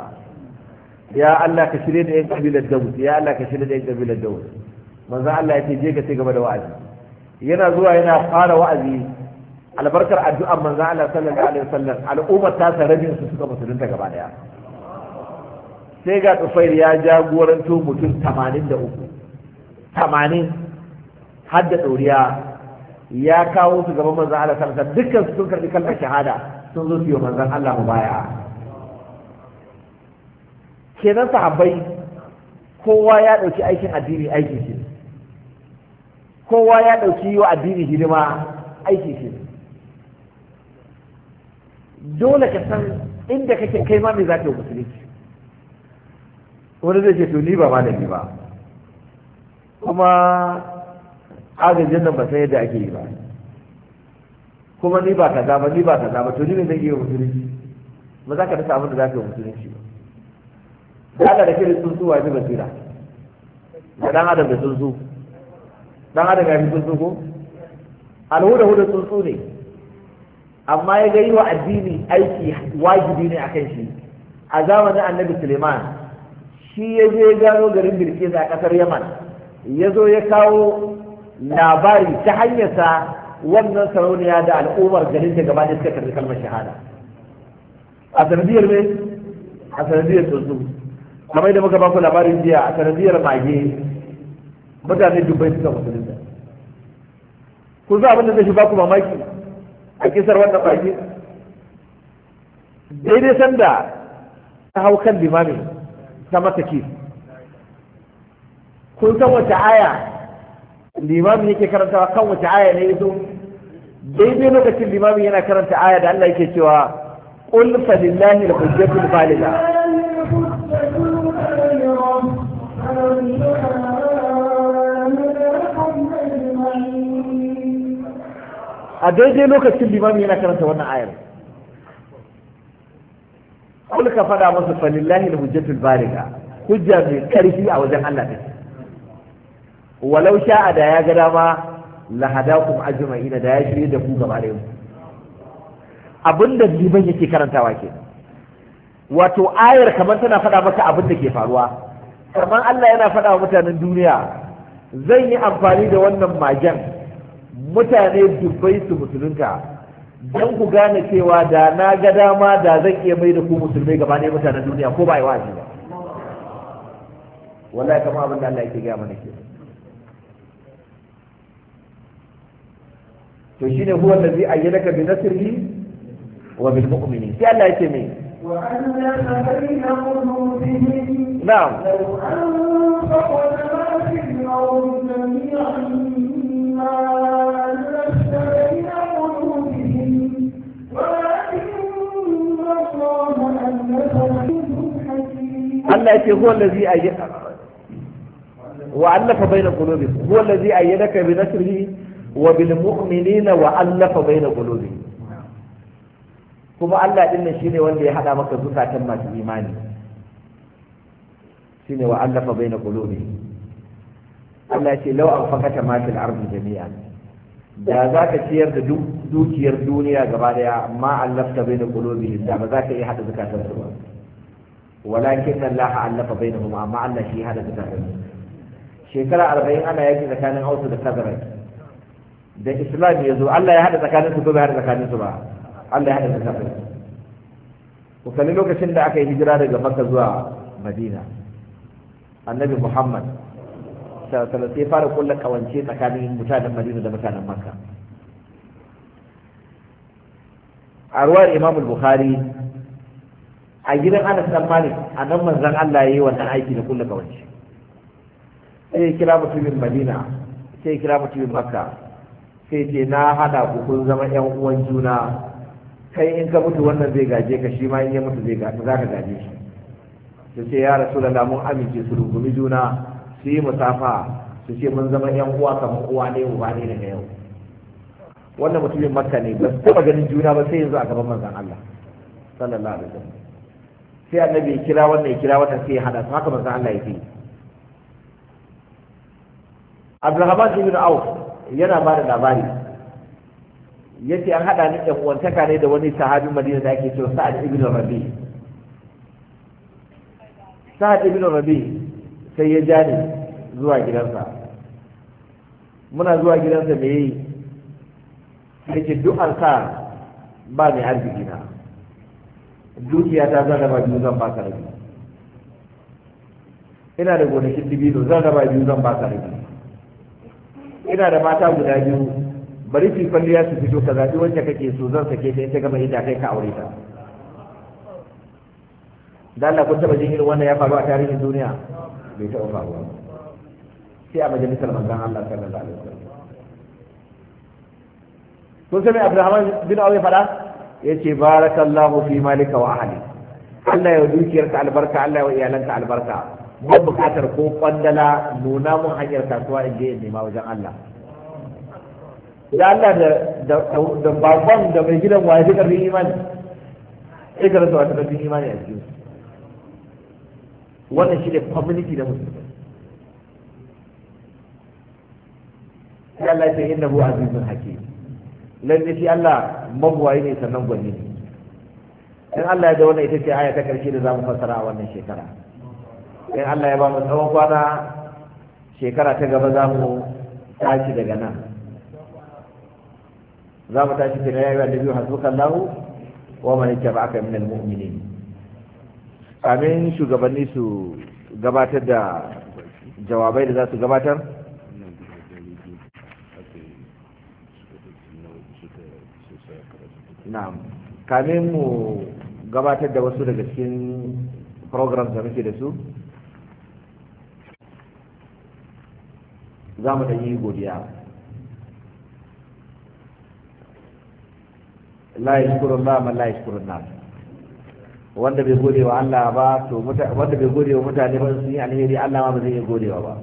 ya Allah ka shirye da yan kabilar Dawud ya Allah ka shirye da yan kabilar Dawud manzo Allah yake je ka ci gaba da wa'azi yana zuwa yana fara wa'azi albarkar addu'ar manzo Allah sallallahu alaihi wasallam al'ummar ta rabin su suka musulunta gaba daya sai ga Tufair ya jagoranto mutum 83 80 har da dauriya ya kawo su gaban manzo Allah sallallahu alaihi wasallam dukkan su sun karbi kalmar shahada sun zo su yi manzo Allah mu baya kenan sahabbai kowa ya ɗauki aikin addini aiki shi kowa ya ɗauki yi wa addini hidima aiki shi dole ka san inda kake kai ma me za ka yi musulunci wani zai ce to ni ba malami ba kuma agajin nan ba san yadda ake yi ba kuma ni ba kaza ba ni ba kaza ba to ni ne zai wa musulunci ba za ka rasa abin da za ka yi musulunci ba da Allah da ke tsuntsu wa fi basira da dan adam da tsuntsu dan adam ya fi tsuntsu ko alhuda huda tsuntsu ne amma ya ga yi wa addini aiki wajibi ne a kan shi a zamanin annabi suleiman shi ya je gano garin birke a kasar yaman ya zo ya kawo labari ta hanyarsa wannan sarauniya da al'ummar garin da gaba da suka karbi kalmar shahada a sanadiyar mai a sanadiyar tsuntsu kamar da muka baku labarin jiya a sanadiyar mage mutane dubbai suka da ku za abin da zai shi baku mamaki a kisar wannan mage daidai sanda ta hau kan limami ta masa kun san wace aya limamin yake karantawa kan wace aya ne yazo daidai lokacin limamin yana karanta aya da Allah yake cewa qul fa lillahi al-hujjatul baligha a daidai lokacin limami yana karanta wannan ayar kul ka faɗa masa falillahi hujjatul baliga hujja mai karfi a wajen Allah ne walau a da ya ga dama lahadakum ajma'ina da ya shirye da ku gaba da abinda liman yake karantawa ke wato ayar kamar tana faɗa maka abin da ke faruwa kamar Allah yana fada wa mutanen duniya zan yi amfani da wannan magen mutane dubbai su musulunta don ku gane cewa da na ga dama da zan iya mai da ku musulmai gaba ne mutanen duniya ko ba yi wa'azi ba wallahi kama abin da Allah yake gaya mana ke to shi ne huwa allazi kabi bi nasrihi wa bil mu'minin sai Allah yake mai وألف بين قلوبهم نعم لو أنفقت ما Allah ya ce huwa allazi wa allafa bayna qulubi huwa allazi ayyadaka bi nasrihi wa bil mu'minina wa allafa baina qulubi kuma Allah din nan shine wanda ya hada maka zukatan masu imani shine wa allafa baina qulubi Allah ya ce law fakata ma fil ardi jami'an da za ka ciyar da dukiyar duniya gaba daya amma allafta baina qulubi da ba za ka iya hada zukatan su ba walakin Allah allafa bainahum amma Allah shi hada tsakanin shekara 40 ana yaki tsakanin Hausa da Khazraj da Islam ya zo Allah ya hada tsakanin su ko hada tsakanin ba Allah ya hada tsakanin ku kalli lokacin da aka yi hijira daga Makka zuwa Madina Annabi Muhammad sallallahu alaihi fara kullu tsakanin mutanen da mutanen Makka a ruwar Imamul Bukhari a gidan Anas dan Malik a nan manzan Allah yayi wannan aiki da kullu kawai sai kira mutumin Madina sai kira mutumin Makka sai ce na hada ku kun zama 'yan uwan juna kai in ka mutu wannan zai gaje ka shi ma in ya mutu zai gaje za ka gaje shi su ce ya rasu da mun amince su rungumi juna su yi musafa su ce mun zama 'yan uwa kamar uwa ne ba ne daga yau wannan mutumin makka ne ba su taɓa ganin juna ba sai yanzu a gaban manzan Allah sallallahu alaihi wasallam sai annabi ya kira wannan ya kira wannan sai ya hada haka manzon Allah ya yi Abdulrahman ibn Auf yana ba da labari yace an hada ni da uwantaka ne da wani sahabin Madina da ake cewa Sa'ad ibn Rabi Sa'ad ibn Rabi sai ya ja ni zuwa gidansa muna zuwa gidansa me yi yake duk an sa ba mai arziki na dukiya ta zan raba biyu zan baka rabi ina da gonakin dibino zan raba biyu zan baka rabi ina da mata guda biyu bari fi kwalliya su fito ka zaɓi wacce kake so zan sake ta ita gama ita kai ka aure ta da Allah kun taɓa jin irin wannan ya faru a tarihin duniya bai taɓa faruwa sai a majalisar manzon Allah sallallahu alaihi wasallam kun san me Abdulrahman bin Auf ya faɗa yace Allahu fi malika wa ahli Allah ya ka albarka Allah ya iyalanka albarka mun bukatar ko kwandala nuna mun hanyar kasuwa in je in nema wajen Allah da Allah da da babban da mai gidan waye duka bin imani sai ka rasa wata bin imani a cikin wannan shi ne community da musulmi sai Allah ya ce innahu azizun hakim lalle shi Allah mabuwayi ne sannan gwani ne in Allah ya ga wannan ita ce aya ta karshe da zamu fassara a wannan shekara in Allah ya ba mu tsawon kwana shekara ta gaba za mu tashi daga nan za mu tashi kira ya da biyu hasu kallahu wa man ittaba'aka min almu'minin kamin shugabanni su gabatar da jawabai da za su gabatar na'am kamin mu gabatar da wasu daga cikin programs da muke da su za mu ɗan yi godiya la yashkurun ba man la yashkurun na wanda bai gode wa Allah ba to wanda bai gode wa mutane ba sun yi alheri Allah ma ba zai iya wa ba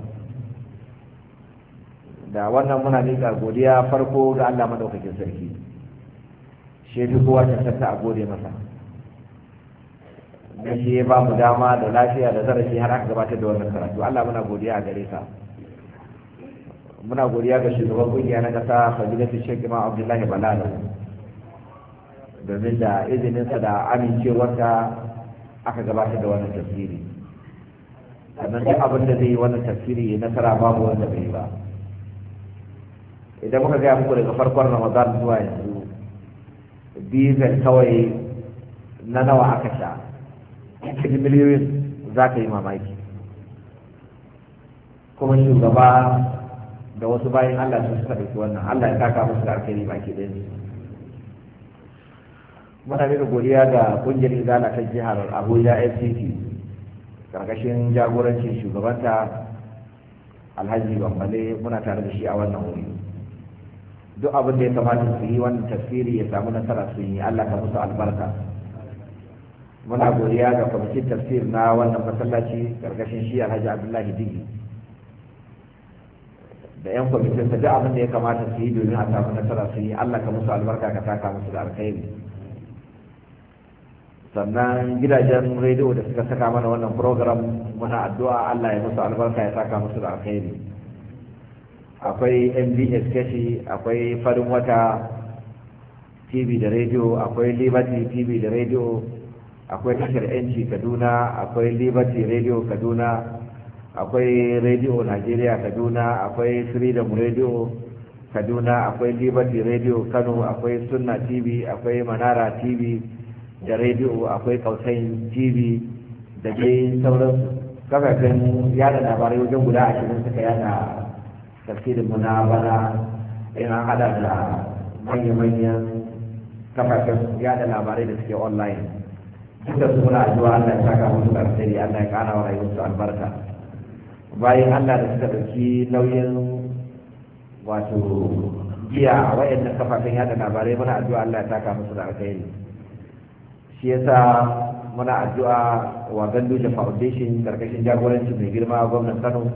da wannan muna miƙa godiya farko ga Allah madaukakin sarki shi fi kowa cancanta a gode masa ga shi ya ba mu dama da lafiya da zarafi har aka gabatar da wannan karatu Allah muna godiya a gare ka muna godiya ga shugaban kungiya na kasa fadilatu shek imam abdullahi balala domin da izininsa da amincewarsa aka gabatar da wannan tafsiri sannan duk abin da zai yi wannan tafsiri nasara babu wanda bai ba idan muka gaya muku daga farkon ramadan zuwa yanzu dizal kawai na nawa aka sha cikin miliyoyin za ka yi mamaki kuma shugaba da wasu bayan Allah su suka ɗauki wannan Allah ya taka musu da alkhairi baki ɗaya muna nuna godiya ga ƙungiyar izala ta jihar Abuja FCT karkashin jagorancin shugabanta Alhaji Bambale muna tare da shi a wannan wuri duk abin da ya kamata su yi wannan tafsiri ya samu nasara su yi Allah ka musu albarka muna godiya ga kwamitin tafsir na wannan masallaci karkashin shi Alhaji Abdullahi Digi da yan kwamitin sa duk abin da ya kamata su yi domin a samu nasara su yi Allah ka musu albarka ka taka musu da alkhairi sannan gidajen rediyo da suka saka mana wannan program muna addu'a Allah ya musu albarka ya taka musu da alkhairi akwai mbs kashi akwai farin wata tv da radio akwai liberty tv da radio akwai tashar yanci kaduna akwai liberty radio kaduna akwai radio nigeria kaduna akwai freedom radio kaduna akwai liberty radio kano akwai sunna tv akwai manara tv da radio akwai kausain tv da dai sauransu kafafen yada labarai wajen guda ashirin suka yada tafsir mu na bana in an hada da manya-manyan kafafen yada labarai da suke online duk da suna addu'a Allah ya saka musu alheri Allah ya kara wa rayuwarsu albarka bayan Allah da suka dauki nauyin wato giya wayannan kafafen yada labarai muna addu'a Allah ya saka musu da alheri shi yasa muna addu'a wa Ganduje Foundation karkashin jagorancin mai girma gwamnan Kano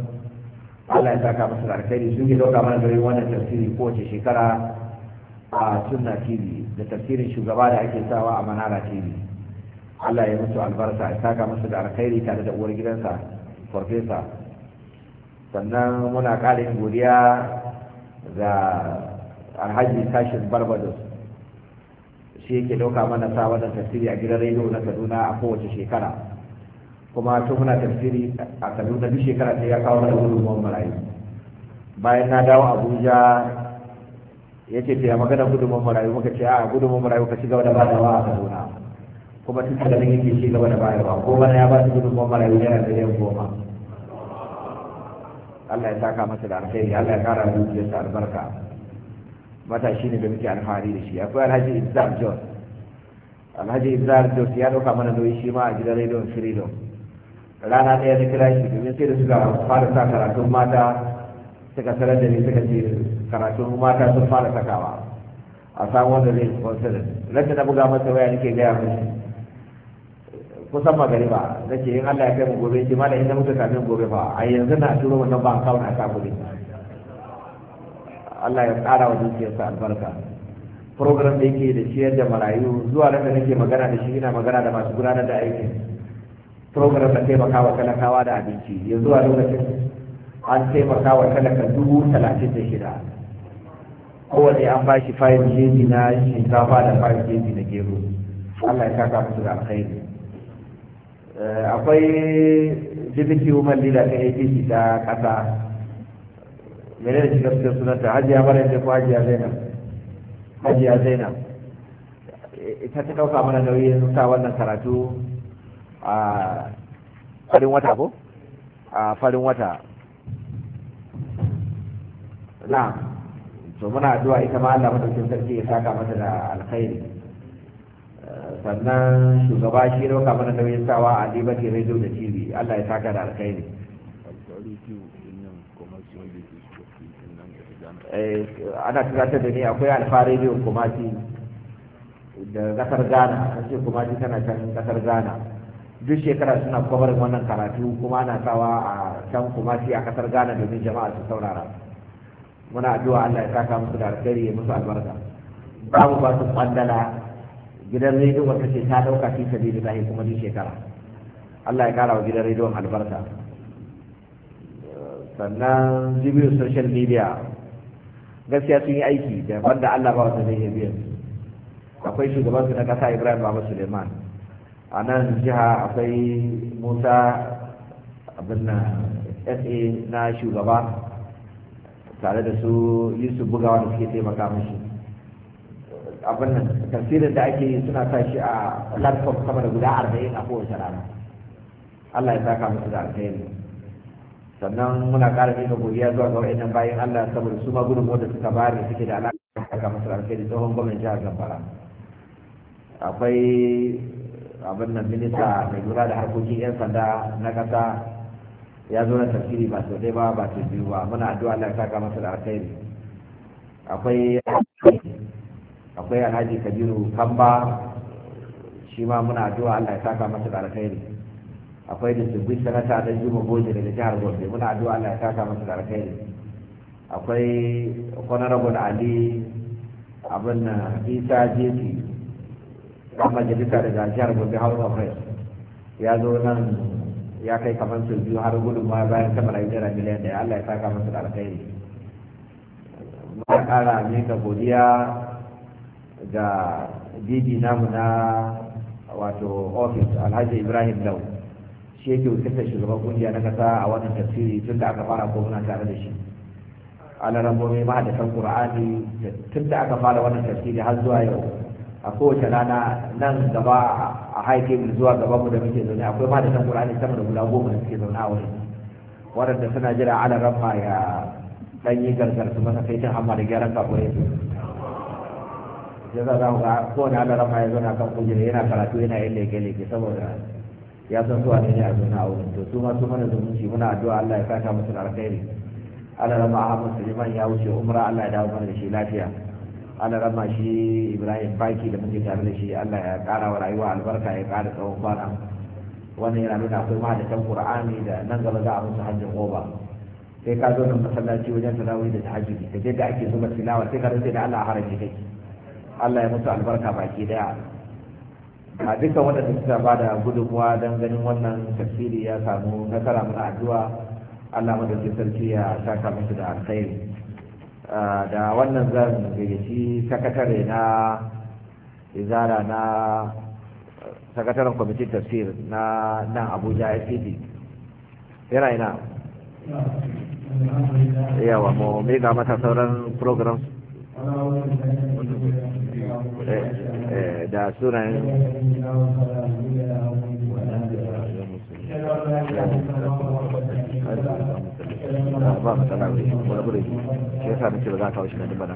Allah ya saka masa alkhairi sun ke dauka mana da wannan tafsiri kowace shekara a sunna tv da tafsirin shugaba da ake sawa a manara tv Allah ya musu albarka ya saka masa da alkhairi tare da uwar gidansa farfesa sannan muna ƙarin godiya ga alhaji tashin barbados shi yake dauka mana sa wannan tafsiri a gidan rediyo na kaduna a kowace shekara kuma tun kuna tafsiri a kaduna duk shekara ta ya kawo mana gudunmuwan marayu bayan na dawo abuja ya ce ta magana gudunmuwan marayu muka ce a gudunmuwan marayu ka ci gaba da bayarwa a kaduna kuma tun da nan yake ci gaba da bayarwa ko bana ya ba su gudunmuwan marayu yana da yan goma Allah ya saka masa da alkhairi Allah ya kara sa albarka matashi ne da muke alfahari da shi akwai alhaji izzam jos alhaji izzam jos ya dauka mana doyi shi ma a gidan rediyon freedom rana ɗaya na kira shi domin sai da suka fara sa karatun mata suka sanar da ni suka ce karatun mata sun fara sakawa a samu wanda zai sponsor rasa na buga masa waya nake gaya mishi kusan ba na ce in Allah ya kai mu gobe ce malam inda mutu kafin gobe ba a yanzu na turo wannan ba kawun a sa kuɗi Allah ya tsara wa dukiyarsa albarka program da yake da ciyar da marayu zuwa da nake magana da shi ina magana da masu gudanar da aikin program na taimaka wa talakawa da abinci ya zuwa lokacin an taimaka wa talaka dubu talatin da shida kowane an ba shi fayin jeji na shinkafa da fayin jeji na gero allah ya saka musu da alkhairi eh, akwai jibiti woman leader ta apc ta kasa mene da shiga cikin sunanta hajiya mara ta ko hajiya zainab hajiya zainab eh, ita ta ɗauka mana nauyin sa wannan karatu a farin wata ko a farin wata na to muna addu'a ita ma Allah madaukakin sarki ya saka mata da alkhairi sannan shugaba shi kuma da nauyin sawa a liberty radio da tv Allah ya saka da alkhairi eh, ana tunatar da ni akwai alfa radio kumasi da kasar ghana kuma kumasi tana can kasar ghana duk shekara suna kwabar wannan karatu kuma ana sawa a can kuma shi a kasar ghana domin jama'a su saurara muna addu'a allah ya saka musu da alkhairi ya musu albarka ba mu ba su kwandala gidan rediyo wata ce ta dauka fi sabili lahi kuma duk shekara allah ya kara wa gidan rediyon albarka sannan jibiyu social media gaskiya sun yi aiki da wanda allah ba wata zai yi biyan akwai shugabansu na kasa ibrahim babu suleiman a nan jiha akwai musa abin sa na shugaba tare da su yusuf bugawa da suke taimaka mashi abin nan tafsirin da ake yi suna sa shi a laptop sama da guda arba'in a kowace rana allah ya saka musu da alheri sannan muna ƙara nuna godiya zuwa ga wa'annan bayan allah saboda su ma gudunmu da suka bayar da suke da alaƙa da saka musu da alheri tsohon gwamnan jihar zamfara akwai abin nan minista mai lura da harkokin 'yan sanda na ƙasa ya zo na tafsiri ba sau ba ba sau biyu ba muna addu'a Allah ya saka masa da alkhairi akwai akwai alhaji kabiru kamba shi ma muna addu'a Allah ya saka masa da alkhairi akwai da su distribuid sanata da juma goje daga jihar gombe muna addu'a Allah ya saka masa da alkhairi akwai honorable ali abin isa jefi dan majalisa daga jihar gobe House of Reps ya zo nan ya kai kamar su biyu har gudun ma bayan sama da jira miliyan da Allah ya saka masa da alkhairi ma kara ne ka godiya ga didi namu na wato ofis Alhaji Ibrahim Lau shi yake wakiltar shugaban kungiya na kasa a wannan tafsiri tun da aka fara ko muna tare da shi alarambomi ma da kan Qur'ani tun da aka fara wannan tafsiri har zuwa yau a kowace rana nan gaba a haife mu zuwa gaba mu da muke zaune akwai ma da san Qur'ani sama da guda goma da suke zaune a wurin waɗanda suna jira ala ramma ya dan yi gargar su masa kai ta amma da gyaran kafin ya sai za za ku ga kowane ala ramma ya zauna kan kujera yana karatu yana yin leke-leke saboda ya san zuwa ne a zaune a wurin to su ma su mana zumunci muna addu'a Allah ya kata musu alkhairi ala ramma a musulman ya wuce umra Allah ya dawo mana da shi lafiya ana rama shi ibrahim baki da muke tare da shi allah ya kara wa rayuwa albarka ya kara tsawon kwana wannan yana nuna akwai mahadatan qur'ani da nan gaba za a musu hajjin goba sai ka zo nan masallaci wajen tarawih da tahajjudi ka je da ake zuba tilawa sai ka rantsa da allah haraji kai allah ya musu albarka baki daya a dukkan waɗanda suka ba da gudunmuwa don ganin wannan tafsiri ya samu nasara mana addu'a allah madaukin sarki ya saka musu da alkhairi da wannan zan shi sakatare na izara na sakataren kwamitin tafsir na nan abuja ICD yana ina yawa mu mega mata sauran programs da sunan. Thank you. ba matsala da shi wani bude shi shi yasa nake ba za a kawo na ba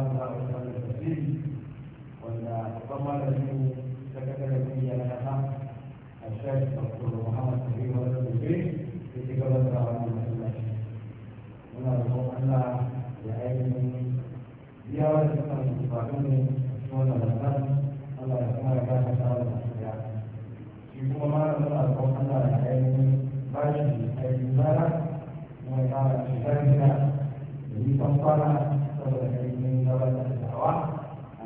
ah, ah, ah, ne a babban malamin sakataren kungiyar kasa a shafi dr muhammad sabi wanda gobe ya ci gaba da wannan masallaci muna roƙon allah ya ainihin biya wa da kan bukatun mu wannan ramadan allah ya kuma ya kasa shawar da su ya shi kuma malamin muna roƙon allah ya ainihin ba shi aikin ya hawa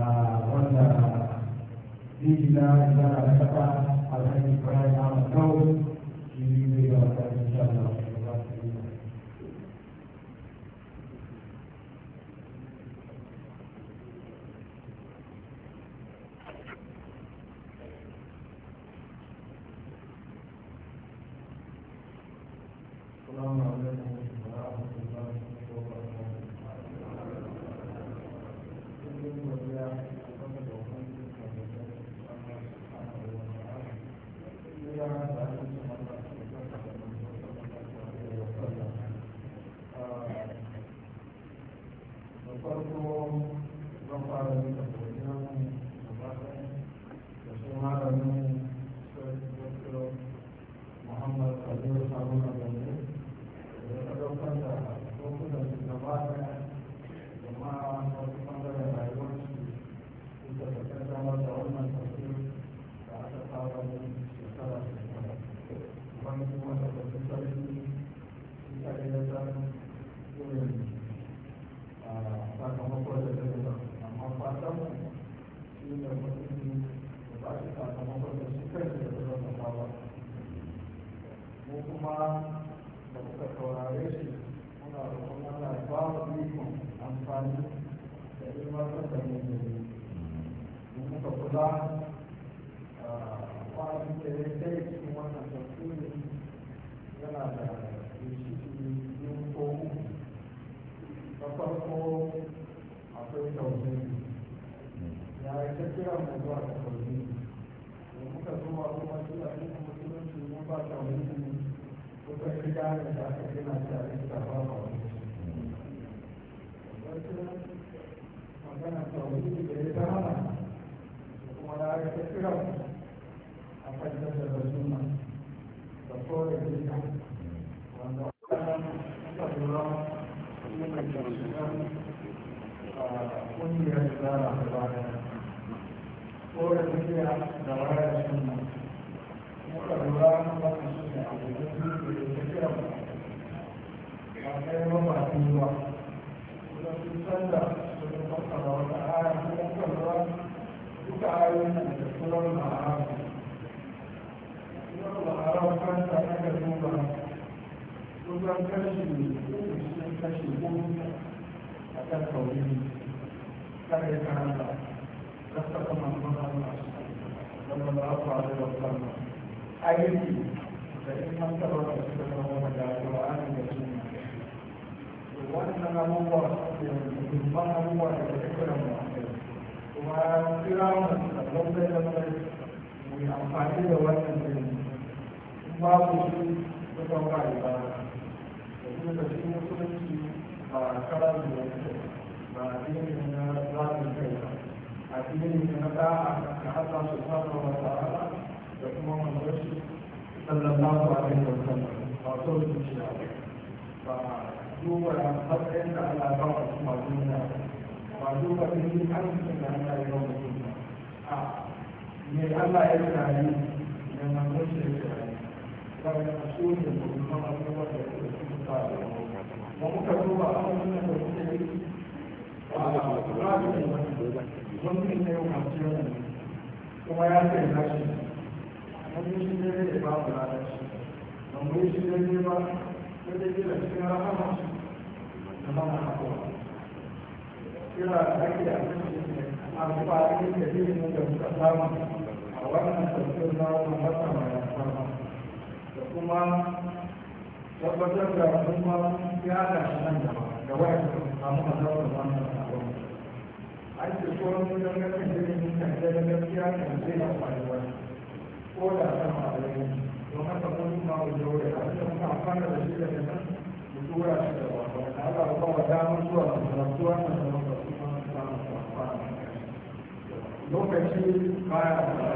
wanda zai na da na taɓa a zai fara ya makawo shi ne zai ga wata insha Allah. Thank you. amfani da ilmantar da mu ne muka kula kwanan da ya sai cikin wannan tafsiri yana da bishiki yin ko uku na farko akwai tausayi ya yi ta kira mu zuwa da tausayi da muka zuwa kuma shi a cikin musulunci mun ba tausayi kusan shiga da aka gina shi a cikin tafafa magana tauhidi da ya zama kuma na ga musulman abubuwa da ta kiran kuma kira mu sallan da da mu yi amfani da wannan ilimi in babu shi ba ta ba ba da kuma da cikin musulunci ba kara da wani ba addini na zaɓin kai ba addini na da'a ga Allah subhanahu wa ta'ala da kuma manzon shi sallallahu alaihi wa sallam ba so su ci ba duba matsayin da ana ba wa su masu nuna ba duba da yi arzikin da Allah ya ba mutum ba a me Allah ya tsari da manzon shi ya tsari ba da su ne da kuma ba da su su ba da ba muka duba abubuwan da suke yi ba a ba wani ne yau masu ba kuma ya ba na shi ba shi ne da ba mu lalaci ba mu ba shi ne ba sai dai gina cikin rahama kamar a haɗuwa kira da ake da amfani da da muka samu a wannan sauƙin na masa mai amfani da kuma tabbatar da kuma ya da nan gaba da wayar da samu a zaɓar wannan sabon an ce ko wani dangantar ilimin kan da gaskiya kan zai amfani wani ko da a ma'alai don haka kuma ma wajen wuri a cikin amfana da shi da nan mutuwa shi da wani Allah ba kuma damar zuwa masu wannan da muka kuma lokaci baya da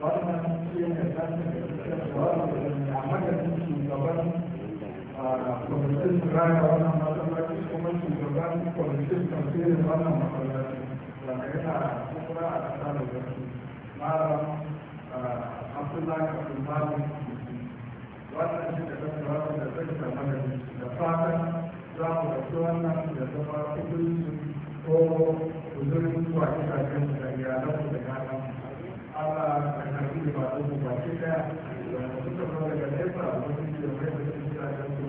wannan shi ne kasan da da amma da shugaban kwamitin raya wannan masallaci kuma shugaban kwamitin kamfirin wannan masallaci da na yana kuma a kasa da wasu malam abdullahi abdullahi wannan shi da da da za mu ɗauki wannan da zama hukuncin ko uzurin zuwa gidajen da iyalanmu da yaran Allah da karfi da ba su ba a wasu ke mai da su gidajen su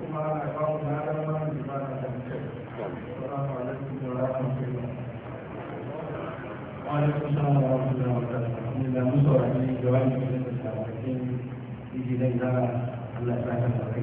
kuma ana ba mu ladan wani da ba na salam wa rahmatullahi wa barakatuh. musu wa da Allah ya kai.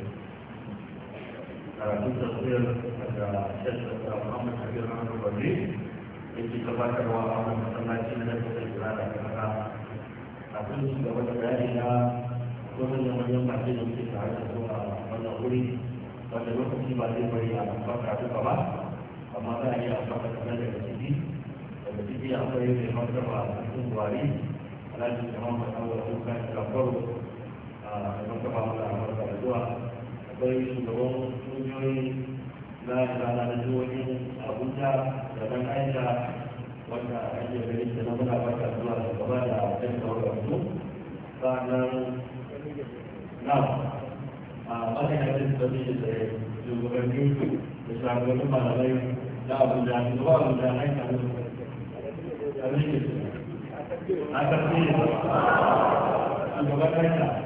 karatun tafiyar daga shekar da muhammad kabir ahmad gwamne da ke gabatarwa a wani masallaci na kasar jira da kasa kafin su gaba da bayani na gwamnan da manyan masu da muke tare da su a wannan wuri wanda lokaci ba zai bari a amfaka duka ba amma za a iya amfaka kamar daga ciki daga ciki akwai mai martaba a cikin buhari alhaji da mamman a martaba mala akwai shugaban kungiyoyi na ranarjoyin abuja da nan aisha wanda ake gari da na muna baka zuwa da gaba da ɗan sauran su sannan na a matsayin da da shugaban da malamai na abuja da abuja na da a da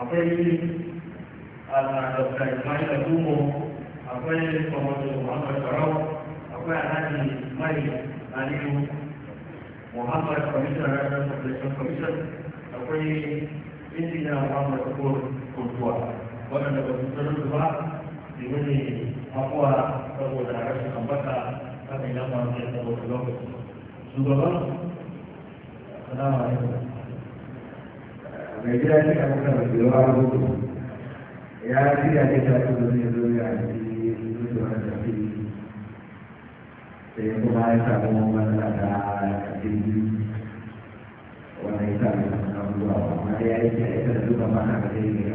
akwai dr ismail adumo akwai kwamfani muhammad barau akwai alhaji mai aliyu muhammad kwamishin ranar population commission akwai injiniya muhammad kukur kurtuwa waɗanda ba su tsarki ba su ne hakuwa saboda rashin ambata hakan ya faru ne saboda lokaci shugaban salamu alaikum mai gida shi a maka mai yawa a hudu ya shirya ne ta su da zai zo ya ci zuwa da fi sai kuma ya samu matsala da jirgi wanda ya samu abubuwa amma ya yi ta ita da duka mana da zai yi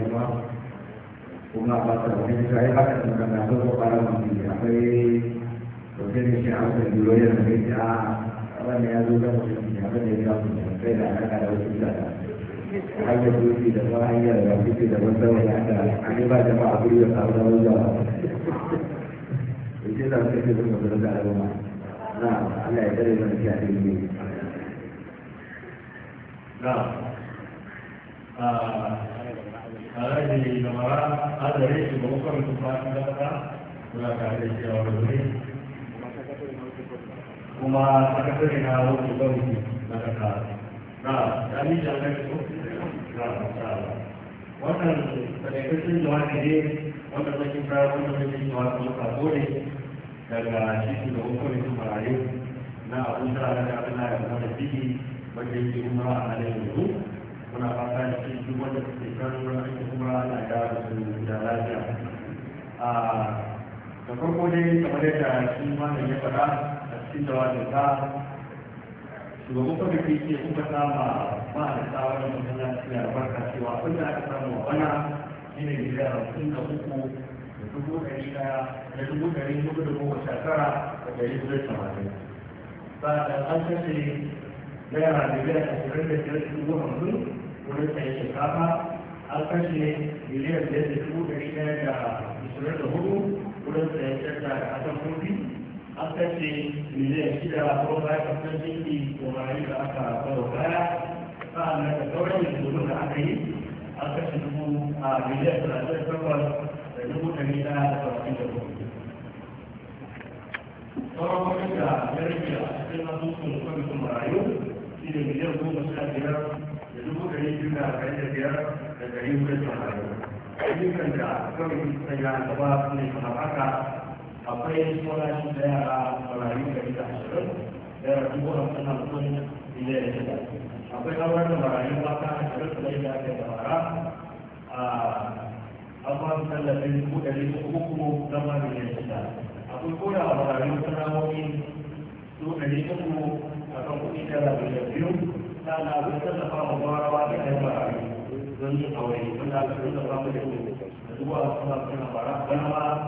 kuma ba ta wani ta yi haka da kan da zuwa fara mafi akwai shi a wata biyo zama da ita ah, wanda ya zo da mutum ya bada ya kawo kai da alaka da wasu hanyar doki da ba hanyar da kuke da wanda wani aka an yi ba jama'a guri da samu da wanda ba ce za su kake zuwa zuwa da al'umma na Allah ya tsare mana shi a cikin na haraji da mara adare shi ga makarantar fasin da ta kula ka da shi a wani kuma sakatare na wani gwamnati na kasa na ya ni jami'ai wannan tsakaitaccen jawabi ne wanda zai na sabo daga da na ana yanzu da ciki a halin yanzu muna fata da shi duk suke kan rashin umara ana da farko dai kamar yadda shi ma ya faɗa a cikin jawabin ta. shugaban kwamiti ke kuma sama ba da tsawon masallaci a barka cewa abin da aka samu a bana shi ne gida hamsin da uku da dubu ɗari ɗaya da dubu ɗari hudu da goma sha tara da ɗari hudu da tamanin sa'adar an kashe naira miliyan da biyar da dubu hamsin wurin sayan shinkafa an kashe miliyan biyar da dubu ɗari ɗaya da ashirin da hudu wurin sayan shadda da asan kofi an kashe miliyan shida a ba ka san jinki ko marayu da aka kawo kaya sa'an nan da sauran yanzu da aka yi an kashe dubu a miliyan talatin da takwas da dubu ɗari ɗaya da talatin da hudu sauran da ya rage a cikin asusun kwamitin marayu shi ne miliyan goma sha biyar da dubu ɗari biyu da ɗari da biyar da ɗari hudu da marayu ayyukan da kwamitin sun yi gaba ne kamar haka akwai farashi daya a farashi da ita ashirin da ya rabu wani suna mutum da shida akwai kawar da farashi mata ashirin da ya ake da fara a amma tallafin dubu dari uku zama da ya shida akwai koda a farashi sana'o'i dubu da uku a kan kuɗi da ya biyu sannan akwai tallafa wa gwarawa da ya farashi don yin aure wanda aka tallafa mu da su da kuma suna suna fara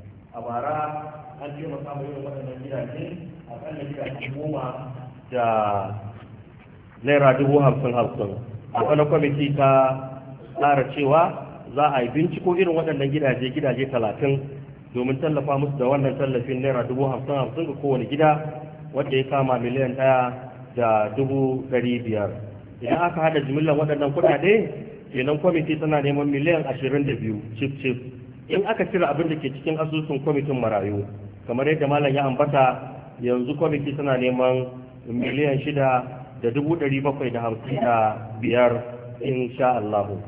a bara an ce masu irin waɗannan gidaje a ƙalla gidaje goma da naira dubu hamsin hamsin a wani kwamiti ta tsara cewa za a yi binciko irin waɗannan gidaje gidaje talatin domin tallafa musu da wannan tallafin naira dubu hamsin hamsin ga kowane gida wanda ya kama miliyan ɗaya da dubu ɗari biyar idan aka haɗa jimillar waɗannan kuɗaɗe kenan kwamiti tana neman miliyan ashirin da biyu cif cif in aka cire abin da ke cikin asusun kwamitin marayu kamar yadda malam ya ambata yanzu kwamiti tana neman miliyan shida da dubu ɗari bakwai da hamsin da biyar insha Allahu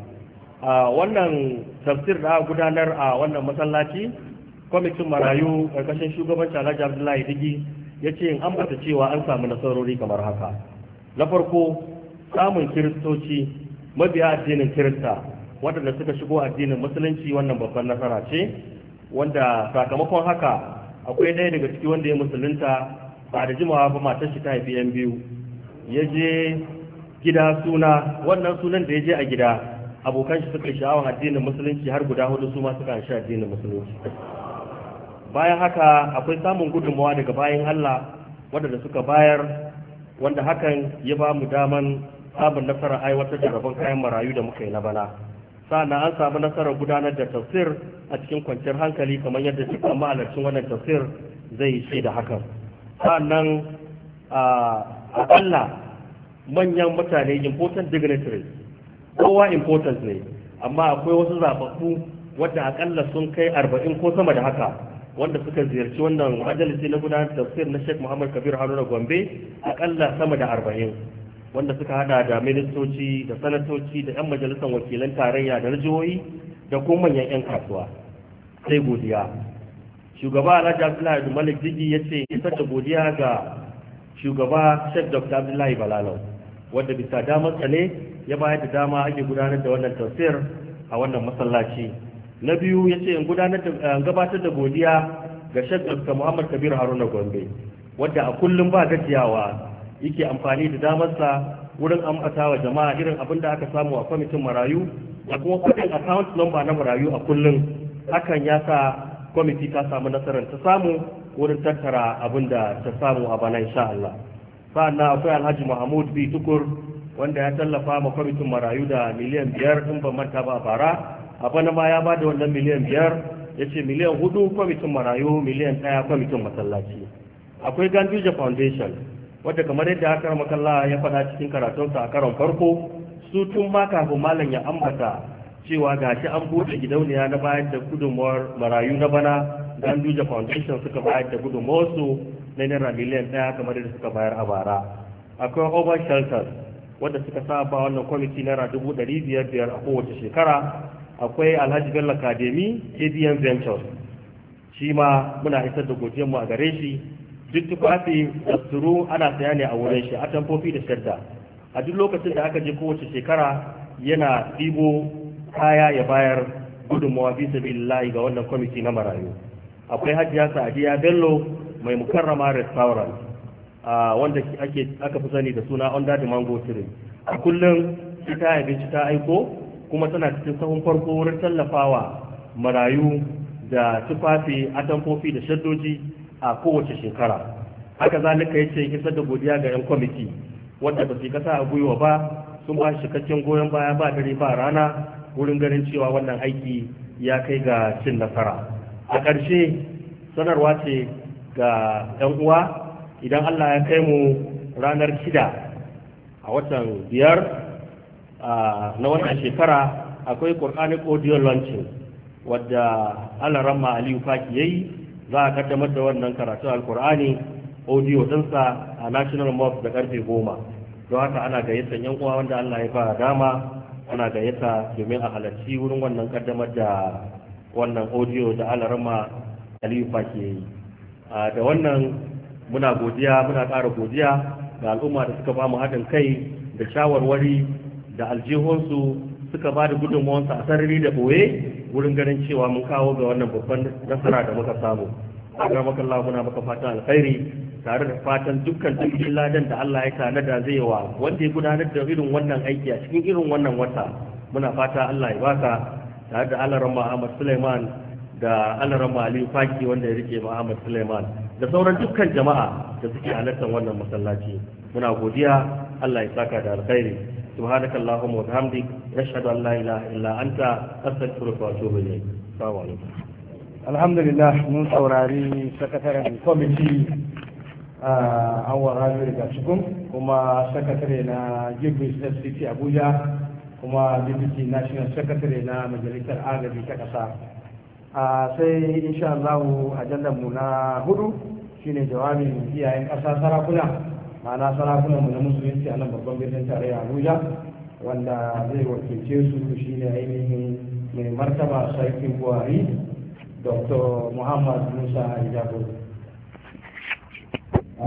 a wannan tafsir da gudanar a wannan masallaci kwamitin marayu karkashin shugabanci alhaji abdullahi digi ya ce in ambata cewa an samu nasarori kamar haka na farko samun kiristoci mabiya addinin kirista waɗanda suka shigo addinin musulunci wannan babban nasara ce wanda sakamakon haka akwai ɗaya daga ciki wanda ya musulunta ba da jimawa ba matar shi ta haifi yan biyu ya je gida suna wannan sunan da ya je a gida abokan shi suka sha'awar addinin musulunci har guda hudu su ma suka sha addinin musulunci bayan haka akwai samun gudunmawa daga bayan Allah waɗanda suka bayar wanda hakan ya ba mu daman samun nasarar aiwatar da rabon kayan marayu da muka yi na bana sa'annan an samu nasarar gudanar da tafsir a cikin kwanciyar hankali kamar yadda dukkan mahalarcin wannan tafsir zai ce da hakan sa'annan a ƙalla manyan mutane important dignitaries kowa important ne amma akwai wasu zababbu wadda akalla sun kai arba'in ko sama da haka wanda suka ziyarci wannan majalisi na gudanar tafsir na Sheikh Muhammad Kabir Haruna Gombe akalla sama da arba'in wanda suka hada da ministoci da sanatoci da 'yan majalisar wakilan tarayya da rijiyoyi da kuma manyan 'yan kasuwa sai godiya shugaba alhaji abdullahi malik digi ya ce da godiya ga shugaba shek dr abdullahi balalau wanda bisa damarsa ne ya bayar da dama ake gudanar da wannan tafsir a wannan masallaci na biyu ya ce eh, gabatar da godiya ga shek dr muhammad kabir haruna gombe wadda a kullum ba gajiyawa yake amfani da damarsa wurin ambata wa jama'a irin abin da aka samu a kwamitin marayu da kuma kudin account number na marayu a kullum hakan ya sa kwamiti ta samu nasarar ta samu wurin tattara abin da ta samu a bana insha Allah na akwai Alhaji Mahmud B Tukur wanda ya tallafa ma kwamitin marayu da miliyan biyar in ban manta ba a bara a bana ma ya bada wannan miliyan biyar ya ce miliyan hudu kwamitin marayu miliyan ɗaya kwamitin masallaci akwai Ganduje Foundation wadda kamar yadda aka makalla ya faɗa cikin karatunsa a karon farko su tun ma kafin malam ya ambata cewa gashi an buɗe gidauniya na bayar da gudunmawar marayu na bana Ganduja Foundation suka bayar da gudunmawarsu na naira miliyan ɗaya kamar yadda suka bayar a bara. Akwai over shelters wadda suka saba wannan kwamiti naira dubu ɗari biyar biyar a kowace shekara. Akwai Alhaji Bello Academy, ABM Ventures. Shi ma muna isar da godiyanmu a gare shi duk tufafi da suru ana saya ne a wurin shi a tamfofi da shadda a duk lokacin da aka je kowace shekara yana ɗibo kaya ya bayar gudunmawa bisa billahi ga wannan kwamiti na marayu akwai hajiya sa'adiya bello mai mukarrama restaurant wanda ake aka fi sani da suna under the mango tree a kullum ita abinci ta aiko kuma tana cikin sahun farko wurin tallafawa marayu da tufafi atamfofi da shaddoji a kowace shekara haka zalika ya ce isar da godiya ga 'yan kwamiti wadda ba su kasa a gwiwa ba sun ba shi cikakken goyon baya ba dare ba rana wurin ganin cewa wannan aiki ya kai ga cin nasara a ƙarshe sanarwa ce ga 'yan uwa idan allah ya kai mu ranar kida. a watan biyar na wannan shekara akwai ƙur'ani audio launching wadda alarama aliyu faki ya yi za a kaddamar da wannan karatun alkur'ani audio dinsa a national mosque da karfe goma don haka ana gayyata yan uwa wanda allah ya fara dama ana gayyata domin a halarci wurin wannan kaddamar da wannan audio da alarma aliyu ke yi da wannan muna godiya muna ƙara godiya ga al'umma da suka ba mu haɗin kai da shawarwari da aljihunsu suka ba da gudunmawansu a sarari da ɓoye wurin ganin cewa mun kawo ga wannan babban nasara da muka samu ga maka Allah muna maka fatan alkhairi tare da fatan dukkan dukkan ladan da Allah ya da zai wa wanda ya gudanar da irin wannan aiki a cikin irin wannan wata muna fata Allah ya baka tare da Allah ramma Ahmad Suleiman da Allah ramma Ali Faki wanda ya rike Muhammad Suleiman da sauran dukkan jama'a da suke halartar wannan masallaci muna godiya Allah ya saka da alkhairi subhanaka allahumma wa bihamdik nashhadu an la ilaha illa anta astaghfiruka wa atubu ilayk assalamu alaikum alhamdulillah mun saurari sakataren kwamiti a awon ranar rigacikun kuma sakatare na gibbs fct abuja kuma deputy national secretary na majalisar agaji ta kasa sai insha Allah ajandar mu na hudu shine jawabin iyayen kasa sarakuna Mana sarakunan mu na musulunci a nan babban birnin tarayya abuja wanda zai wakilce su shine ainihin mai martaba Sarki buhari dr muhammad musa ijabu a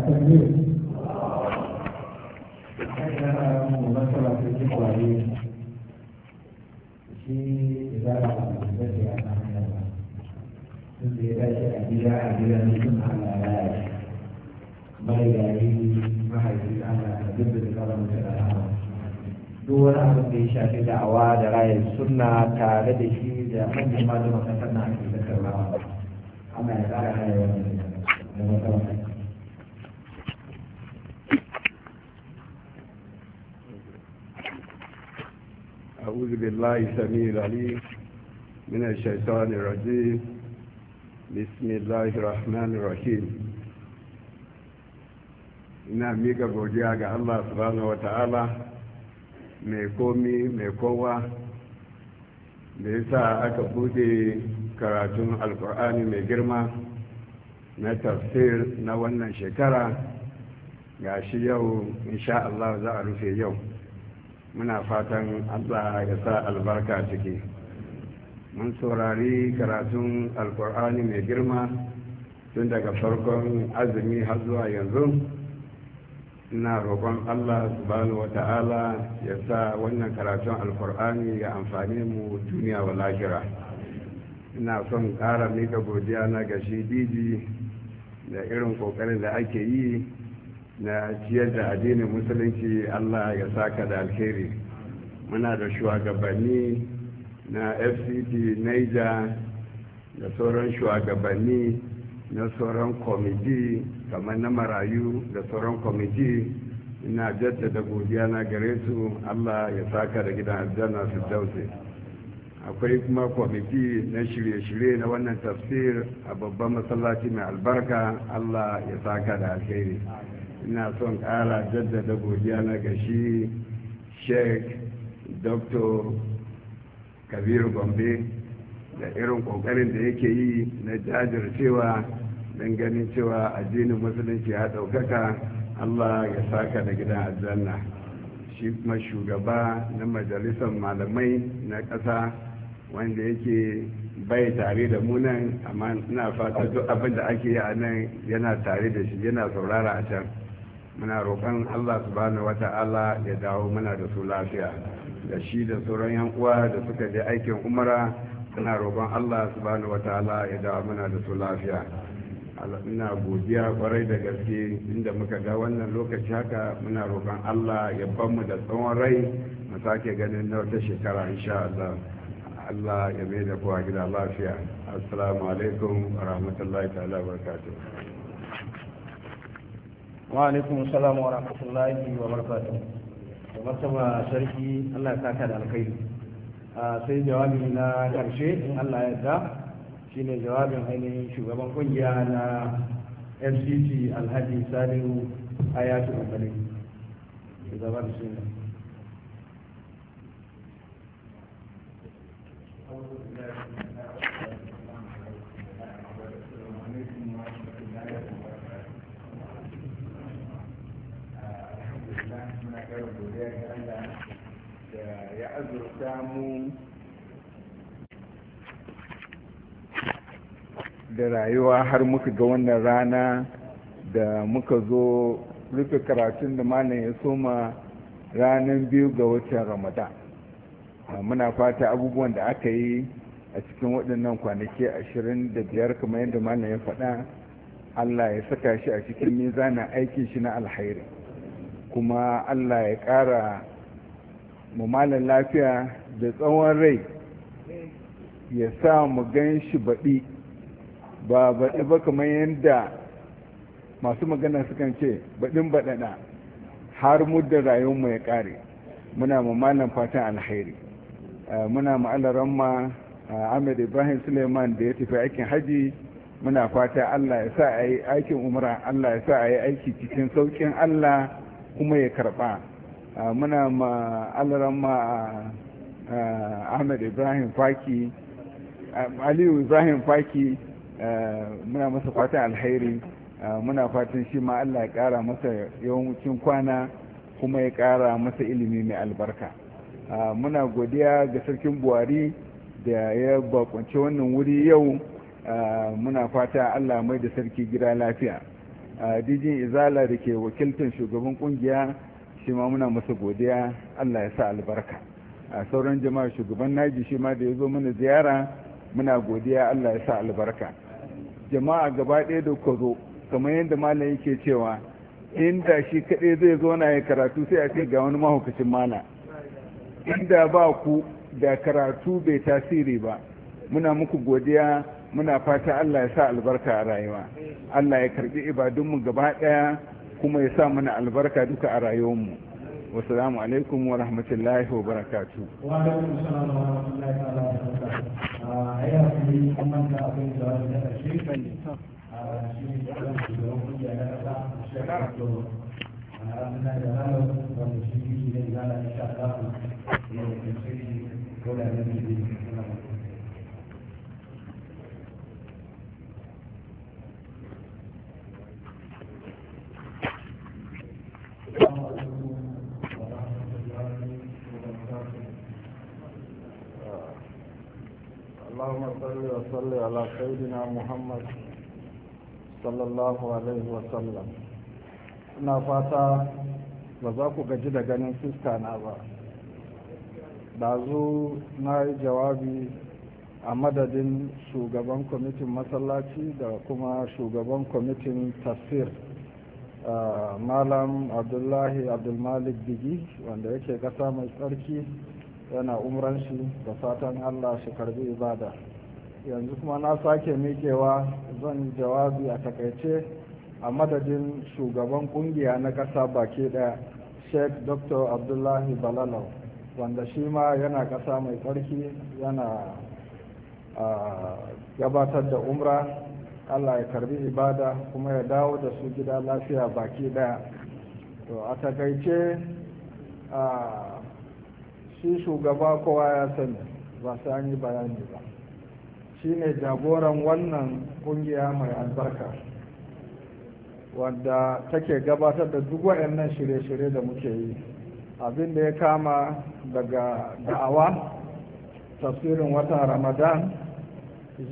a gida a marigayi mahaifi ana duk da tsara mutu da hawa duk wani abin da ya shafi da'awa da rayar sunna tare da shi da manyan malaman kasar na ake tattaunawa ana ya tsara rayuwar da matsala أعوذ بالله السميع العليم من الشيطان الرجيم بسم الله الرحمن الرحيم ina miƙa godiya ga allah subhanahu wa ta'ala mai komi mai kowa da ya sa aka bude karatun alkur'ani mai girma na tafsir na wannan shekara ga shi yau insha allah za a rufe yau muna fatan allah ya sa albarka ciki mun saurari karatun alkur'ani mai girma tun daga farkon azumi har zuwa yanzu ina roƙon allah subhanahu wata'ala ya sa wannan karatun alkur'ani ya amfani mu duniya wa lahira ina son ƙara mika godiya na ga shi didi da irin ƙoƙarin da ake yi na ciyar da addinin musulunci allah ya saka da alheri muna da shugabanni na fct niger da sauran shugabanni na sauran kwamiti kamar na marayu da sauran kwamiti ina jaddada godiya na gare su allah ya saka da gidan aljanna su dause, akwai kuma kwamiti na shirye-shirye na wannan tafsir a babban masallaci mai albarka allah ya saka da alheri ina son kara jaddada godiya na shi, sheik dr kabiru gombe da irin kokarin da yake yi na jajircewa don ganin cewa addinin musulunci ya ɗaukaka allah ya saka da gidan aljanna shi kuma shugaba na majalisar malamai na ƙasa wanda yake bai tare da munan amma ina fata duk abin da ake yi a nan yana tare da shi yana saurara a can muna roƙon allah Su wata wata'ala ya dawo muna da su lafiya da shi da sauran yan uwa da suka je aikin umara ina roƙon Allah subhanahu wataala ya dawo muna da su lafiya ina godiya kwarai da gaske inda muka ga wannan lokaci haka muna roƙon Allah ya ban da tsawon rai mu sake ganin na wata shekara insha Allah Allah ya mai da kowa gida lafiya assalamu alaikum wa rahmatullahi ta'ala wa barakatuh wa alaikum salam wa rahmatullahi wa barakatuh da martaba sarki Allah ya saka da alkhairi sai jawabi na karshe in allah ya shi ne jawabin ainihin shugaban kungiya na fcc alhaji salihu Ayatu abali shugaban shi ne ya azurta mu da rayuwa har muka ga wannan rana da muka zo rufe karatun da malam ya soma ranar biyu ga watan ramadan muna fata abubuwan da aka yi a cikin waɗannan kwanaki ashirin da biyar kamar yadda malam ya faɗa allah ya saka shi a cikin mizanin aikin shi na alhairi kuma allah ya ƙara mu lafiya da tsawon rai ya sa mu gan shi baɗi ba baɗi ba kamar yadda masu magana sukan ce baɗin baɗaɗa har muddin rayuwarmu ya ƙare muna mu malam fatan alheri eh, muna ma'alaran ma eh, ahmed ibrahim suleiman da ya tafi aikin haji muna fata allah ya sa a yi aikin umra allah ya sa a yi aiki cikin sauƙin allah kuma ya karɓa muna ma a ahmed ibrahim Faki aliyu ibrahim Faki muna masa fatan alheri muna fatan shi ma allah ya kara masa yawancin kwana kuma ya kara masa ilimi mai albarka muna godiya ga sarkin buhari da ya bakwance wannan wuri yau muna fata allah mai da sarki gida lafiya dijin izala da ke wakiltar shugaban kungiya shi ma muna masa godiya allah ya sa albarka a sauran jama'a shugaban naji shi ma da ya zo mana ziyara muna godiya allah ya sa albarka jama'a gaba ɗaya da ku zo kamar yadda malam yake cewa inda shi kaɗai zai zo na ya karatu sai a ce ga wani mahaukacin mana inda ba ku da karatu bai tasiri ba muna muku godiya muna fata allah ya sa albarka a rayuwa allah ya karɓi ibadunmu gaba ɗaya kuma ya sa mana albarka duka a rayuwarmu wasu alaikum wa rahmatullahi wa barakatu اللهم صل على سيدنا محمد صلى الله ina fata ba za ku gaji da ganin fuska na ba ɗazu na yi jawabi a madadin shugaban kwamitin masallaci da kuma shugaban kwamitin tafsir malam abdullahi abdulmalik digi wanda yake ƙasa mai tsarki yana umran shi da fatan allah shi karbi ibada yanzu kuma na sake miƙewa zan jawabi a takaice a madadin shugaban kungiya na kasa baki ɗaya sheikh dr abdullahi balalau wanda shi ma yana kasa mai tsarki yana gabatar da umra allah ya karbi ibada kuma ya dawo da su gida lafiya baki ɗaya to a takaice shi shugaba kowa ya sani ba sai an bayani ba shi ne jagoran wannan kungiya mai albarka wanda take gabatar da duk wayannan shirye-shirye da muke yi abin da ya kama daga da'awa tafsirin watan ramadan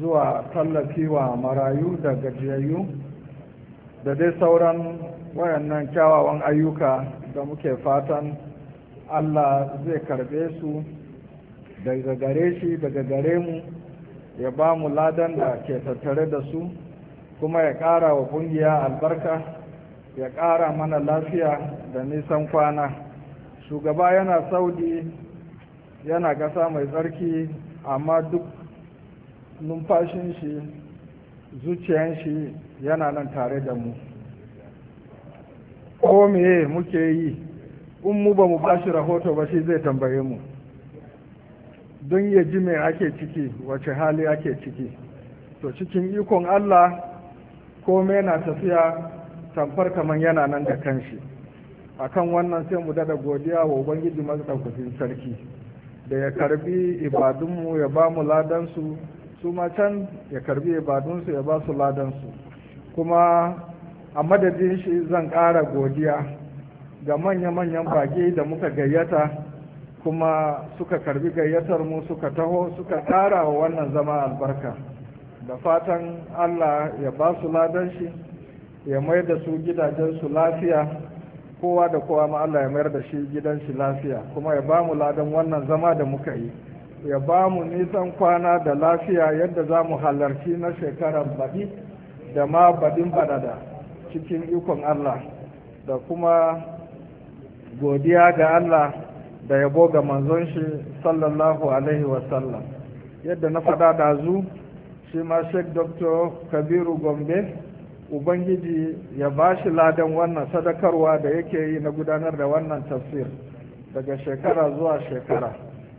zuwa tallafi wa marayu da gajiyayyu da dai sauran wayannan kyawawan ayyuka da muke fatan Allah zai karbe su daga gare shi daga gare mu ya ba mu ladan da ke tattare da su kuma ya ƙara wa ƙungiya albarka ya ƙara mana lafiya da nisan kwana shugaba yana saudi yana ƙasa mai tsarki amma duk numfashin shi zuciyan shi yana nan tare da mu ko meye muke yi in mu ba mu bashi rahoto ba shi zai tambaye mu don ya ji mai ake ciki wace hali ake ciki to cikin ikon allah komai na tafiya tamfar kamar yana nan da kanshi A kan wannan sai mu dada godiya wa ubangiji maɗaukakin sarki da ya karbi ibadunmu ya ba mu ladansu su ma can ya karbi ibadunsu ya ba su ladansu kuma a madadin shi zan ƙara godiya ga manya-manyan bage da muka gayyata kuma suka karbi gayyatar mu suka taho suka ƙara wa wannan zama albarka da fatan allah ya ba su ladan shi ya mai da su su lafiya kowa da kowa ma allah ya mayar da shi gidan shi lafiya kuma ya ba mu ladan wannan zama da muka yi ya ba mu nisan kwana da lafiya yadda za mu halarci na shekarar baɗi da ma baɗin baɗada cikin ikon allah da kuma godiya ga Allah da yabo ga manzon shi sallallahu alaihi wasallam yadda na faɗa da zu shi ma sheik dr kabiru gombe ubangiji ya ba shi ladan wannan sadakarwa da yake yi na gudanar da wannan tafsir daga shekara zuwa shekara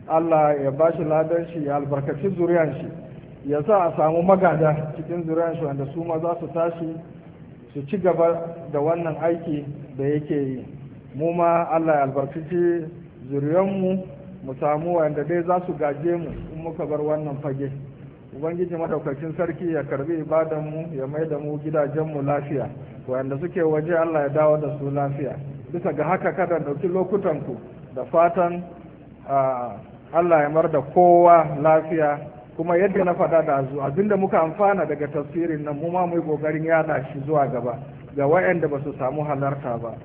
allah ya ba shi ladan shi ya albarkaci zuriyan shi ya sa a samu magada cikin zuriyan shi wanda su ma za su tashi su ci gaba da wannan aiki da yake yi mu ma Allah ya albarkaci zuriyanmu mu samu wanda dai za su gaje mu in muka bar wannan fage ubangiji madaukakin sarki ya karbi ibadanmu ya mai da mu gidajenmu lafiya wanda suke waje Allah ya dawo da su lafiya bisa ga haka kada ɗauki lokutanku da fatan Allah ya mar da kowa lafiya kuma yadda na faɗa da azu abinda muka amfana daga tasirin nan mu ma mu yi ƙoƙarin shi zuwa gaba ga wayanda ba su samu halarta ba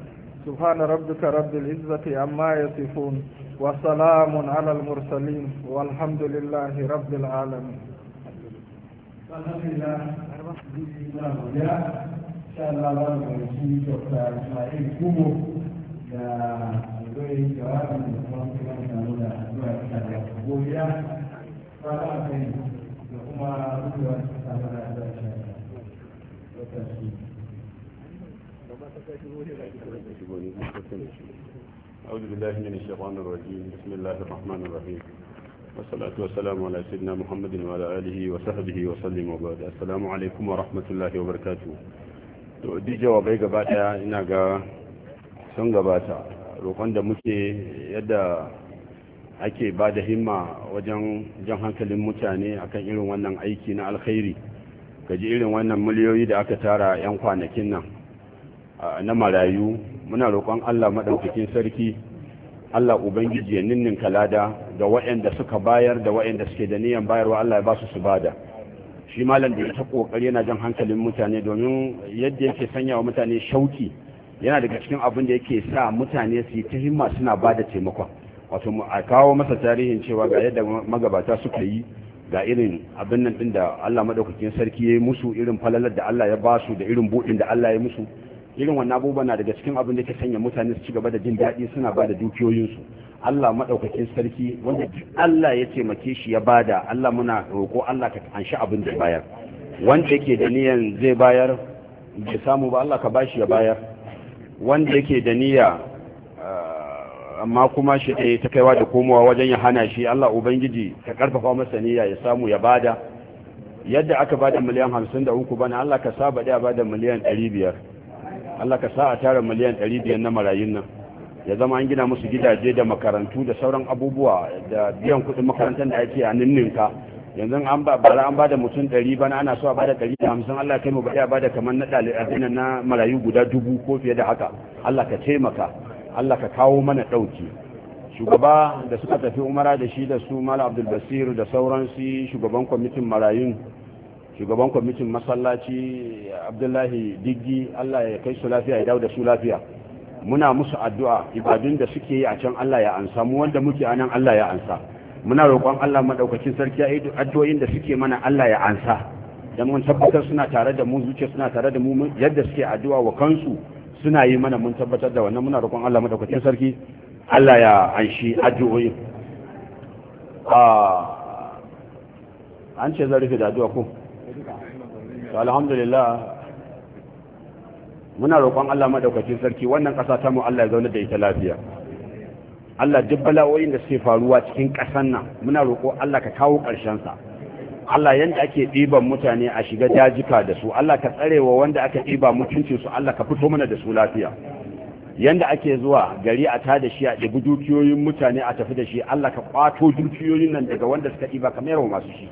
سبحان ربك رب العزة عما يصفون وسلام على المرسلين والحمد لله رب العالمين Thank you. أعوذ بالله من الشيطان الرجيم بسم الله الرحمن الرحيم والصلاة والسلام على سيدنا محمد وعلى آله وصحبه وسلم وبعد السلام عليكم ورحمة الله وبركاته to duk jawabai gaba daya ina ga sun gabata roƙon da muke yadda ake ba da himma wajen jan hankalin mutane akan irin wannan aiki na alkhairi gaji irin wannan miliyoyi da aka tara 'yan kwanakin nan na marayu muna roƙon Allah maɗaukakin sarki Allah ubangiji ya ninninka lada ga waɗanda suka bayar da waɗanda suke da niyan bayarwa Allah ya ba su su bada shi malam da ta kokari yana jan hankalin mutane domin yadda yake sanya wa mutane shauki yana daga cikin abin da yake sa mutane su yi ta himma suna bada taimakon wato a kawo masa tarihin cewa ga yadda magabata suka yi ga irin abin nan ɗin da Allah maɗaukakin sarki ya yi musu irin falalar da Allah ya ba su da irin buɗin da Allah ya yi musu irin wannan abubuwan na daga cikin abin da ke sanya mutane su ci gaba da jin daɗi suna ba da dukiyoyinsu Allah maɗaukakin sarki wanda Allah ya taimake shi ya bada Allah muna roƙo Allah ka anshi abin da bayar wanda yake da niyan zai bayar bai samu ba Allah ka bashi ya bayar wanda yake da niyya eh, amma kuma shi ta kaiwa da komowa wajen ya hana shi Allah ubangiji ka karfafa masa niyya ya samu ya bada yadda aka bada miliyan hamsin da uku bana Allah ka saba da bada miliyan ɗari biyar Allah ka sa a tara miliyan 500 na marayun nan ya zama an gina musu gidaje da makarantu da sauran abubuwa da biyan kuɗin makarantar da ake a ninninka yanzu an ba bara an bada mutum 100 bana ana so a bada 150 Allah kai mu bada bada kamar na ɗalibin na marayu guda dubu ko fiye da haka Allah ka taimaka Allah ka kawo mana ɗauki shugaba da suka tafi umara da shi da su mala abdul basir da sauransu shugaban kwamitin marayun shugaban kwamitin masallaci abdullahi diggi allah ya kai su lafiya ya dawo da su lafiya muna musu addu'a ibadun da suke yi a can allah ya ansa mu wanda muke a nan allah ya ansa muna roƙon allah maɗaukacin sarki addu'o'in da suke mana allah ya ansa don mun tabbatar suna tare da mu zuciya suna tare da mu yadda suke addu'a wa kansu suna yi mana mun tabbatar da wannan muna roƙon allah maɗaukacin sarki allah ya anshi addu'o'in ah, an ce zan rufe da addu'a ko alhamdulillah muna roƙon Allah maɗaukacin sarki wannan ƙasa ta mu Allah ya zaune da ita lafiya Allah duk bala'o'in da suke faruwa cikin ƙasar nan muna roƙo Allah ka kawo ƙarshen sa Allah yanda ake ɗiban mutane a shiga dajika da su Allah ka tsarewa wanda aka ɗiba mutuncin su Allah ka fito mana da su lafiya yanda ake zuwa gari a tada shi a ɗibi dukiyoyin mutane a tafi da shi Allah ka ƙwato dukiyoyin nan daga wanda suka ɗiba ka mayarwa masu shi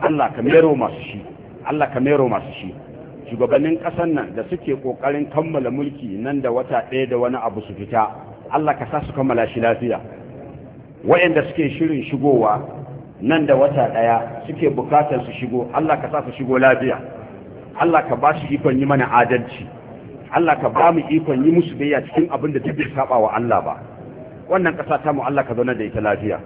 Allah ka mayarwa masu shi Allah ka mero masu shi shugabannin ƙasar nan da suke ƙoƙarin kammala mulki nan da wata ɗaya da wani abu su fita Allah ka sa su kammala shi lafiya waɗanda suke shirin shigowa nan da wata ɗaya suke bukatar su shigo Allah ka sa su shigo lafiya Allah ka ba su ikon yi mana adalci Allah ka ba mu ikon yi musu biya cikin abin da tafi saba wa Allah ba wannan ƙasa ta mu Allah ka zauna da ita lafiya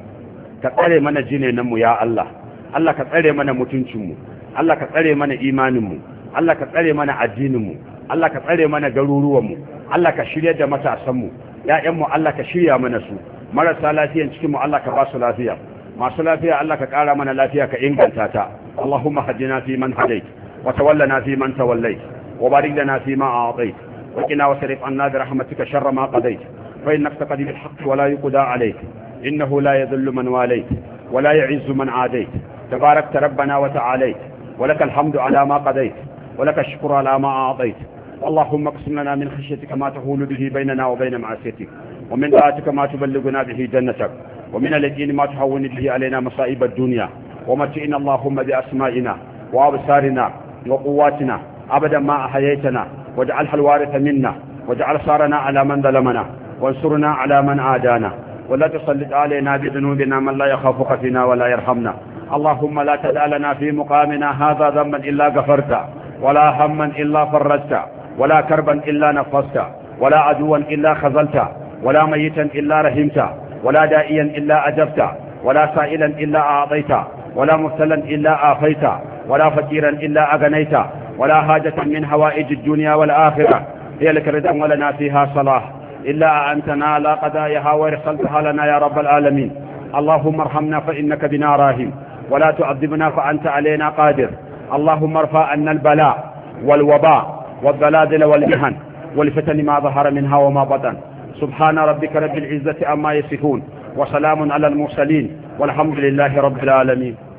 ka tsare mana jinenanmu mu ya Allah Allah ka tsare mana mutuncin mu Allah ka tsare mana imaninmu Allah ka tsare mana addininmu Allah ka tsare mana garuruwanmu Allah ka shirya da matasanmu ‘ya'yanmu Allah ka shirya mana su marasa lafiyan cikinmu Allah ka ba su lafiya masu lafiya Allah ka ƙara mana lafiya ka inganta ta Allahumma hajjina fi man hadait wa tawallana fi man tawallait wa barik lana fi ma a'tait wa qina wasrif anna bi rahmatika sharra ma qadait fa innaka taqdi bil haqq wa la yuqda alayk innahu la yadhillu man walayt wa la ya'izzu man adayt tabarakta rabbana wa ta'alayt ولك الحمد على ما قضيت ولك الشكر على ما أعطيت اللهم اقسم لنا من خشيتك ما تحول به بيننا وبين معصيتك ومن طاعتك ما تبلغنا به جنتك ومن اليقين ما تهون به علينا مصائب الدنيا ومتئنا اللهم بأسمائنا وأبصارنا وقواتنا أبدا ما أحييتنا واجعلها الوارث منا واجعل صارنا على من ظلمنا وانصرنا على من عادانا ولا تسلط علينا بذنوبنا من لا يخافك فينا ولا يرحمنا اللهم لا تدع لنا في مقامنا هذا ذنبا إلا غفرته ولا هما إلا فرجته ولا كربا إلا نفسته ولا عدوا إلا خذلته ولا ميتا إلا رحمته ولا دائيا إلا أجبت ولا سائلا إلا أعطيته ولا مبتلا إلا آفيته ولا فقيرا إلا أغنيته ولا حاجة من هوائج الدنيا والآخرة هي لك رضا ولنا فيها صلاح إلا أنتنا لا قدايها ورسلتها لنا يا رب العالمين اللهم ارحمنا فإنك بنا راهيم ولا تعذبنا فأنت علينا قادر اللهم ارفع عنا البلاء والوباء والبلادل والمهن والفتن ما ظهر منها وما بطن سبحان ربك رب العزة عما يصفون وسلام على المرسلين والحمد لله رب العالمين